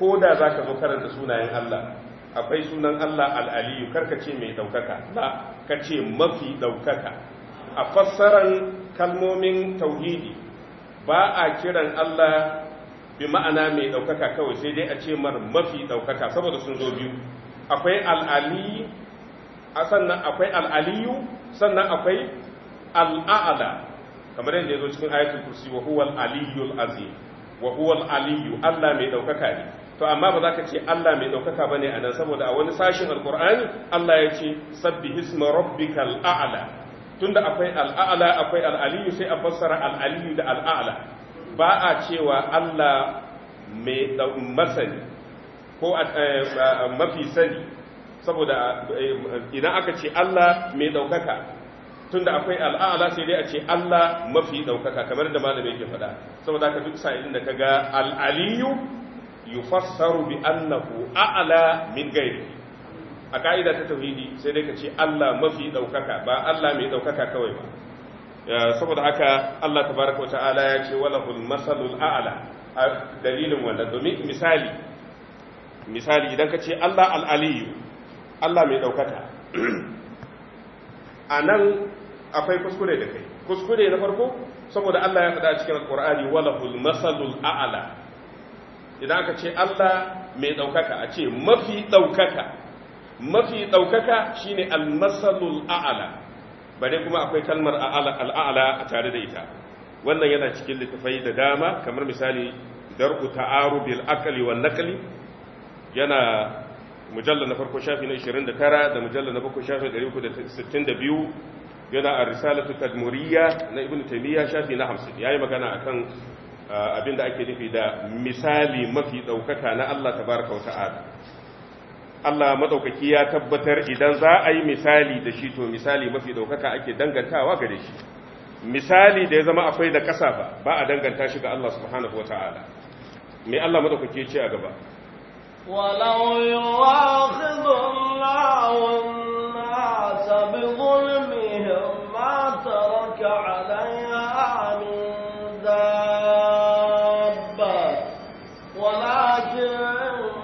ko da zaka zo karanta sunayen Allah akwai sunan Allah al-ali ce mai ɗaukaka la ka ce mafi ɗaukaka a fassaran kalmomin tauhidi ba a kiran Allah bi ma'ana mai ɗaukaka kawai sai dai a ce mar mafi ɗaukaka saboda sun zo biyu akwai al'ali sannan akwai al'aliyu sannan akwai al'a'ala kamar yadda ya zo cikin ayatul kursi wa huwal aliyyul azim wa huwal aliyyu Allah mai ɗaukaka ne to amma ba za ka ce Allah mai ɗaukaka ba ne a nan saboda a wani sashin alkur'ani Allah ya ce sabbi hisma rabbika al'a'ala tunda akwai al'a'ala akwai al'aliyu sai a fassara al'aliyu da al'a'ala ba a cewa Allah mai masani ko eh, eh, mafi sani saboda eh, idan aka ce Allah mai ɗaukaka tunda akwai al'a'ala sai dai a ce Allah mafi ɗaukaka kamar da malamai ke faɗa saboda ka duk sa'in da ka ga al'aliyu yufassaru bi annahu a'la min ghairihi a ka'ida ta tauhidi sai dai ka ce Allah mafi daukaka ba Allah mai daukaka kawai ba saboda haka Allah tabaraka wa ta'ala ya ce walahul masalul a'la dalilin wanda domin misali misali idan ka ce Allah al-aliyu Allah mai daukaka anan akwai kuskure da kai kuskure na farko saboda Allah ya faɗa cikin alqur'ani walahul masalul a'la idan aka ce Allah mai ɗaukaka a ce mafi ɗaukaka mafi ɗaukaka shi ne almasalul a'ala bare kuma akwai kalmar al'a'ala a tare da ita wannan yana cikin littafai da dama kamar misali dar'u ta'arubil akali wan Nakali, yana mujalla na farko shafi na 29 da mujalla na farko shafi 362 yana a risalatu tadmuriya na ibn taymiya shafi na 50 yayi magana akan Ah, abinda ake nufi da misali mafi daukaka na Allah tabaraka wa ta'ala Allah madaukaki ya tabbatar idan za a yi misali da shi to misali mafi ɗaukaka ake dangantawa gare shi misali da ya zama akwai da ƙasa ba ba a danganta shi ga Allah subhanahu wa ta'ala me Allah madaukaki ya ce a gaba ولو يواخذ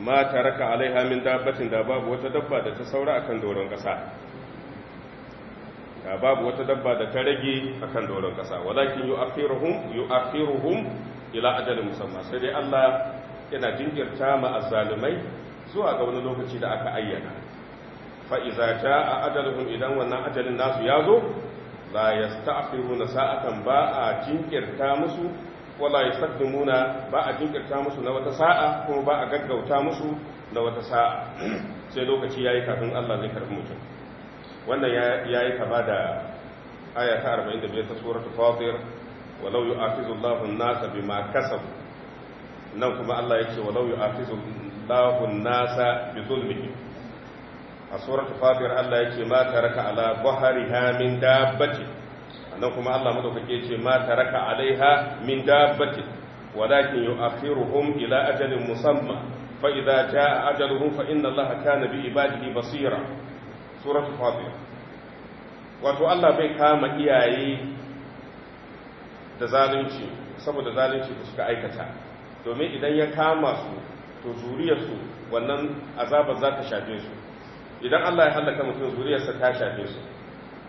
ma ta raka alaiha min dabbatin da babu wata dabba da ta saura akan doron kasa da babu wata dabba da ta rage akan doron kasa walakin yu'akhiruhum yu'akhiruhum ila ajalin musamma sai dai Allah yana jinkirta ma azzalumai zuwa ga wani lokaci da aka ayyana fa iza jaa ajaluhum idan wannan ajalin nasu ya zo la yasta'khiruna sa'atan ba a jinkirta musu wala ya yastaqdimuna ba a jinkirta musu na wata sa'a kuma ba a gaggauta musu da wata sa'a sai lokaci ya yi kafin Allah zai karbi mutum wannan ya yayi kama da aya ta 45 ta suratul fatir walau yu'afizu Allahu an-nasa bima kasabu nan kuma Allah ya ce walau yu'afizu Allahu an-nasa bi zulmihim a suratul fatir Allah ya ce ma ta raka ala bahriha min dabbati nan kuma Allah madaukake ya ce ma taraka alaiha min dabbati walakin yu'akhiruhum ila ajalin musamma fa idza jaa ajaluhum fa inna Allah kana bi ibadihi basira suratul fatir wato Allah bai kama iyaye da zalunci saboda zalunci da suka aikata domin idan ya kama su to zuriyarsu wannan azabar za ta shafe su idan Allah ya halaka mutum zuriyarsa ta shafe su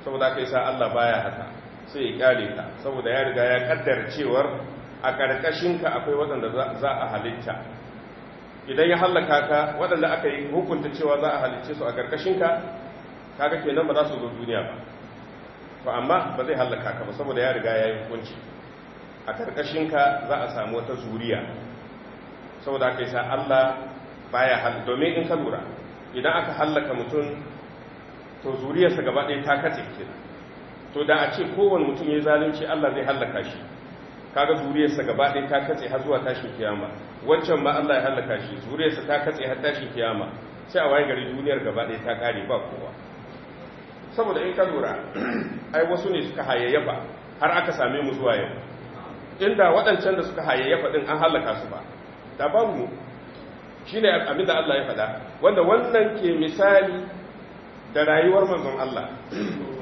saboda kai sa Allah baya haka sai ya kyale ka saboda ya riga ya kaddar cewar a ka akwai waɗanda za a halitta idan ya hallaka ka waɗanda aka yi hukunta cewa za a halicce su a ƙarƙashinka kaga kenan ba za su zo duniya ba to amma ba zai hallaka ka ba saboda ya riga ya yi hukunci a ka za a samu wata zuriya saboda aka yi sa Allah baya hal domin in ka lura idan aka hallaka mutum to zuriyarsa gaba ɗaya ta kace kenan to da a ce kowane mutum ya zalunci Allah zai hallaka shi kaga zuriyarsa gaba ɗaya ta katse har zuwa tashin kiyama wancan ba Allah ya hallaka shi zuriyarsa ta katse har tashin kiyama sai a waye gari duniyar gaba ɗaya ta kare ba kowa saboda in ka lura ai wasu ne suka hayayyafa har aka same mu zuwa yau inda waɗancan da suka hayayyafa din an hallaka su ba da babu mu shine abin da Allah ya faɗa wanda wannan ke misali da rayuwar manzon Allah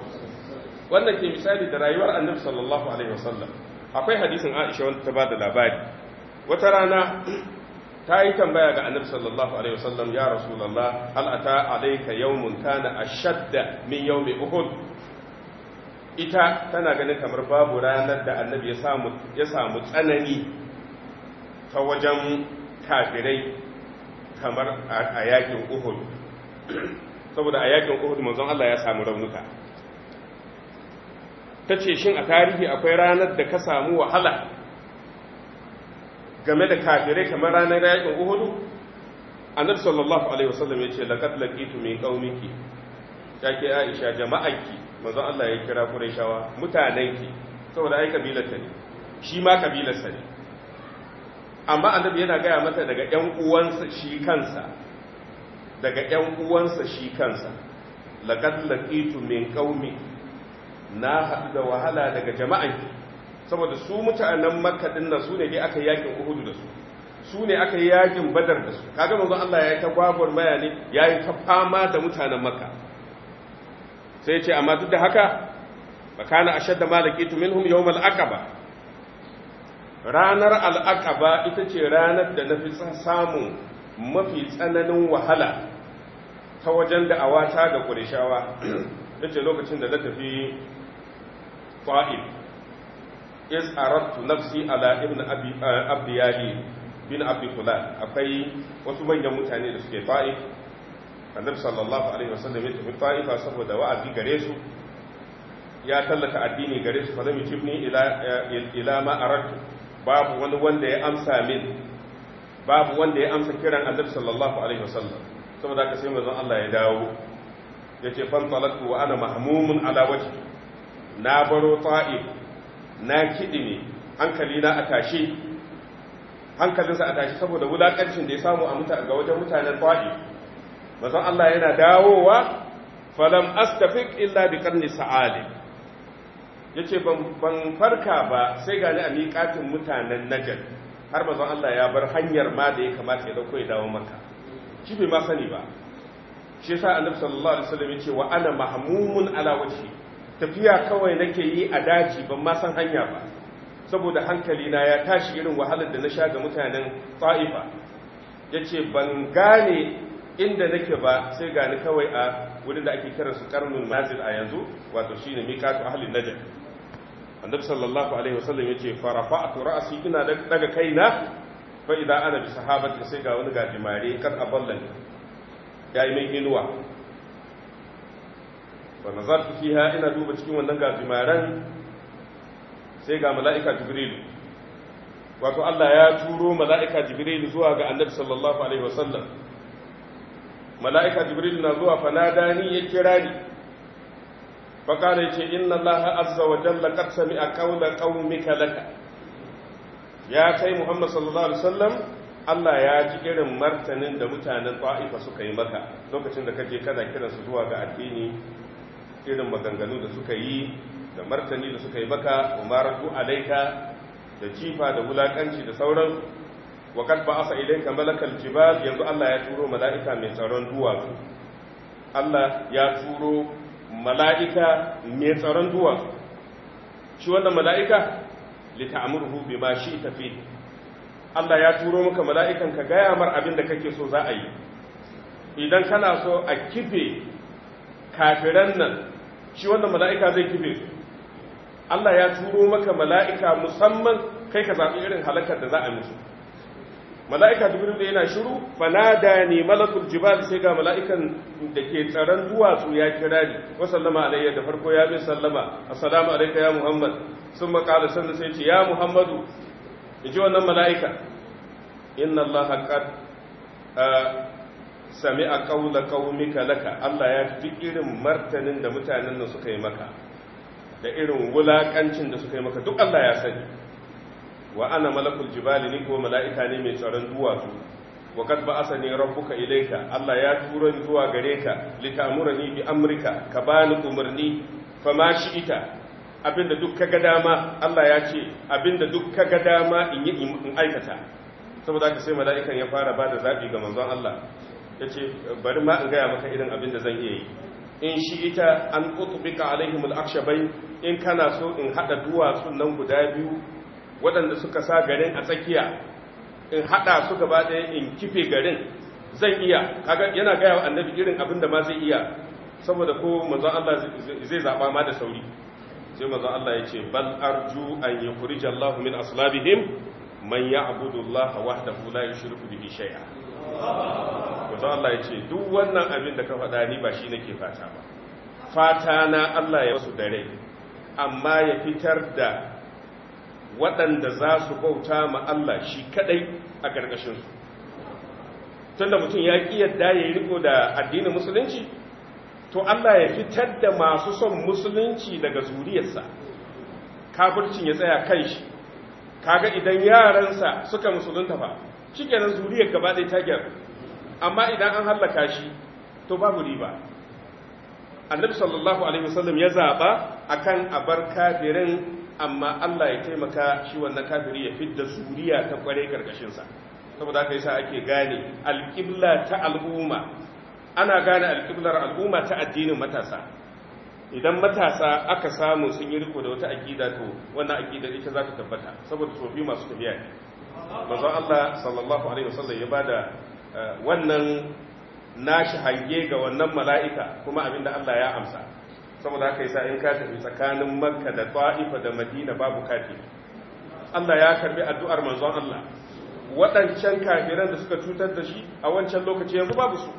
wannan ke misali da rayuwar annabi sallallahu alaihi wasallam akwai hadisin aisha wanda ta bada labari wata rana ta yi tambaya ga annabi sallallahu alaihi wasallam ya rasulullah hal ata alayka yawmun kana ashadda min yawmi uhud ita tana ganin kamar babu ranar da annabi ya samu ya samu tsanani ta wajen kafirai kamar a yakin uhud saboda a yakin uhud manzon Allah ya samu raunuka ta ce shin a tarihi akwai ranar da ka samu wahala game da kafirai kamar ranar yakin uhudu annabi sallallahu alaihi wasallam ya ce laqad laqitu min qaumiki take aisha jama'arki manzo Allah ya kira qurayshawa mutanenki saboda ai kabilarta ne shi ma kabilarsa ne amma annabi yana gaya mata daga ƴan uwansa shi kansa daga ƴan uwansa shi kansa laqad laqitu min qaumiki na haɗu da wahala daga jama'anki saboda su mutanen makka ɗin su ne ke aka yakin uhudu da su su ne aka yakin badar da su kaga manzon Allah ya yi ta gwagwar maya ne ya yi ta fama da mutanen maka. sai ce amma duk da haka bakana ashadda malakitu minhum yawmal aqaba ranar al'aqaba ita ce ranar da nafi samu mafi tsananin wahala ta wajen da awata da kurishawa ita ce lokacin da na tafi ta'if is aradtu nafsi ala ibn abi eh, abdiyali bin abi akwai wasu manyan mutane da suke ta'if annabi sallallahu alaihi wasallam ya tafi ta'ifa saboda wa'azi gare su ya tallata addini gare su falam yujibni ila eh, ila ma babu wani wanda ya amsa kiran annabi sallallahu alaihi wasallam saboda haka sai manzon Allah ya dawo yace fan talaqtu wa na baro ta'i na kiɗi hankali na a tashi hankalinsa a tashi saboda wulakancin da ya samu ga wajen mutanen ta'i mazan Allah yana dawowa falam astafiq illa bi qarni sa'ali yace ban farka ba sai gani a miƙatin mutanen najar har mazan Allah ya bar hanyar ma da ya kamata ya dauko ya dawo maka shi bai ma sani ba shi yasa annabi sallallahu alaihi wasallam yace wa ana mahmumun ala wajhi tafiya kawai nake yi a daji ban ma san hanya ba saboda hankali na ya tashi irin wahalar da na sha ga mutanen ya ce ban gane inda nake ba sai gani kawai a wurin da ake kiransu karnun Nazir a yanzu wato shi shine miqatu ahalin najar annabi sallallahu alaihi wasallam a farafa'tu ra'si ina daga kaina fa idan ana bi sahabatin sai ga wani gajimare kad Ya yi mai inuwa wa nazartu fiha ina duba cikin wannan gajimaran sai ga mala'ika jibrilu wato Allah ya turo mala'ika jibrilu zuwa ga annabi sallallahu alaihi wasallam mala'ika jibrilu na zuwa fanadani ya kira ni faƙara ya ce inna Allah azza wa jalla qad sami'a qawla qaumika laka ya kai muhammad sallallahu alaihi wasallam Allah ya ji irin martanin da mutanen ta'ifa suka yi maka lokacin da kaje kana kiransu zuwa ga addini irin maganganu da suka yi da martani da suka yi baka umaratu alaika da jifa da wulakanci da sauran wakat ba asa ilaika malakal jibal yanzu Allah ya turo mala'ika mai tsaron duwatsu Allah ya turo mala'ika mai tsaron duwatsu shi wannan mala'ika lita'amurhu bima shi fi Allah ya turo maka mala'ikan ka ga yamar abin da kake so za a yi idan kana so a kife kafiran nan shi wannan mala'ika zai kife su Allah ya turo maka mala'ika musamman kai ka zaɓi irin halakar da za a musu mala'ika jibril da yana shiru fanada ne malakul jibal sai ga mala'ikan da ke tsaron duwatsu ya kira ni wa sallama alayya da farko ya bin sallama assalamu alayka ya muhammad sun makala sanda sai ce ya muhammadu ya ji wannan mala'ika inna allah sami a kaula kaumika laka Allah ya fi irin martanin da mutanen nan suka yi maka da irin wulakancin da suka yi maka duk Allah ya sani wa ana malakul jibali ni ko mala'ika ne mai tsaron duwatsu wa kad ba'asani rabbuka ilayka Allah ya tura ni zuwa gare ka litamurani bi amrika ka bani umarni fama shi'ita abinda duk kaga dama Allah ya ce abinda duk kaga dama in yi in aikata saboda haka sai mala'ikan ya fara ba da zaɓi ga manzon Allah ya ce bari ma in gaya maka irin abin da zan iya yi in shi ita an ƙutubika alaihimul akshabai in kana so in haɗa duwa nan guda biyu waɗanda suka sa garin a tsakiya in haɗa su gaba ɗaya in kife garin zan iya kaga yana gaya wa annabi irin abin da ma zai iya saboda ko manzon Allah zai zaɓa ma da sauri sai manzon Allah ya ce bal arju an yukhrij Allahu min aslabihim man ya abudu Allah wahdahu ya yushriku bihi shay'a manzo Allah ya ce duk wannan abin da ka faɗa ni ba shi nake fata ba fata na Allah ya wasu dare. amma ya fitar da waɗanda za su bauta ma Allah shi kaɗai a ƙarƙashin su tunda mutum ya ƙi yadda ya yi riko da addinin musulunci to Allah ya fitar da masu son musulunci daga zuriyarsa kafircin ya tsaya kan shi kaga idan yaransa suka musulunta fa shikenan zuriyar gaba ɗaya ta gyar amma idan an hallaka shi to babu riba annabi sallallahu alaihi wasallam ya zaba akan abar kafirin amma Allah ya taimaka shi wannan kafiri ya fidda zuriya ta kware karkashin sa saboda haka yasa ake gane alqibla ta al'umma ana gane alqiblar al'umma ta addinin matasa idan matasa aka samu sun yi riko da wata aƙida to wannan aƙida ita za ta tabbata saboda tsofi masu tafiya ne bazan Allah sallallahu alaihi wasallam ya bada eh, wannan nashi hange ga wannan mala'ika kuma abinda Allah ya amsa saboda haka yasa in ka tafi tsakanin Makka da Ta'ifa da Madina babu kafi Allah ya karbi addu'ar manzon Allah waɗancan kafiran da suka cutar da shi a wancan lokaci yanzu babu su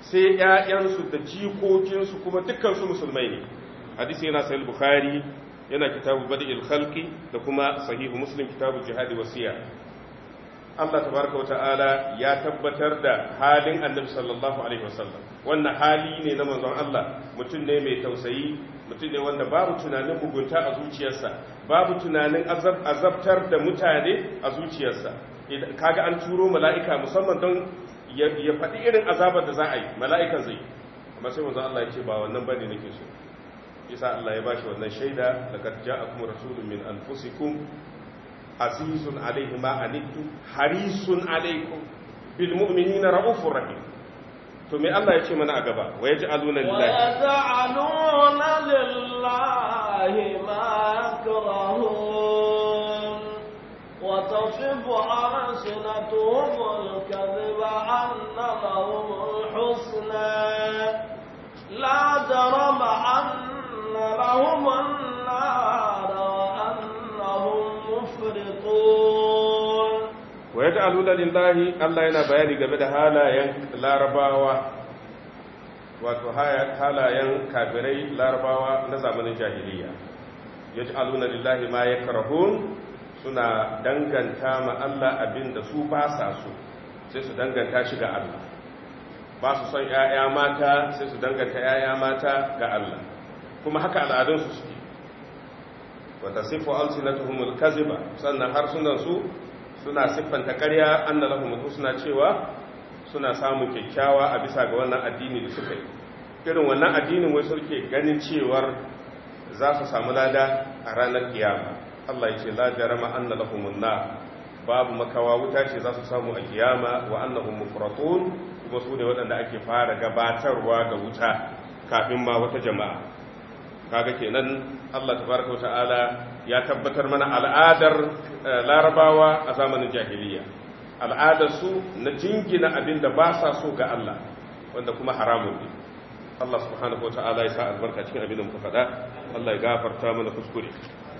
sai ‘ya'yansu da jikokinsu kuma dukansu musulmai ne hadisi yana sahih bukhari yana kitabu bada'il khalqi da kuma sahihu muslim kitabu jihadi wasiya Allah tabaraka ya tabbatar da halin annabi sallallahu alaihi wasallam wannan hali ne na manzon Allah mutum ne mai tausayi mutum ne wanda babu tunanin mugunta a zuciyarsa babu tunanin azabtar da mutane a zuciyarsa kaga an turo mala'ika musamman don ya faɗi irin azabar da za a yi mala'ikan zai amma sai wanzu Allah ya ce ba wannan bane nake so yasa Allah ya bashi wannan shaida a kuma rasulun min anfusikum azizun alayhi ma anittum harisun alaykum bil mu'minina raufur to me Allah ya ce mana a gaba wa ya lillahi wa yaj'aluna lillahi ma وتصف ألسنتهم الكذب أن لهم الحسنى لا جرم أن لهم النار وأنهم مفرطون ويجعلون لله الله ينا بياني game da لا رباوة wato halayen kafirai larabawa na zamanin jahiliya aluna lillahi ma yakrahun suna danganta ma Allah abin da su ba sa so sai su danganta shi ga Allah ba su son ‘ya'ya mata sai su danganta ‘ya'ya mata ga Allah kuma haka al'adunsu suke wata siffo alsinatuhumul kaziba sannan har harsunansu suna siffanta ƙarya an husna cewa suna samun kyakkyawa a bisa ga wannan addini da suka yi irin wannan addinin wai suke ganin cewa za su samu lada a ranar kiyama Allah yake la jarama anna lahumun babu makawa wuta ce za su samu a kiyama wa annahum mufratun kuma su ne waɗanda ake fara gabatarwa ga wuta kafin ma wata jama'a kaga kenan Allah tabaraka ta'ala ya tabbatar mana al'adar eh, larabawa a zamanin jahiliya al'adar su na jingina abin da ba sa so ga Allah wanda kuma haramun ne Allah subhanahu wa ya sa albarka cikin abin da muka faɗa Allah ya gafarta mana kuskure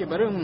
ok bari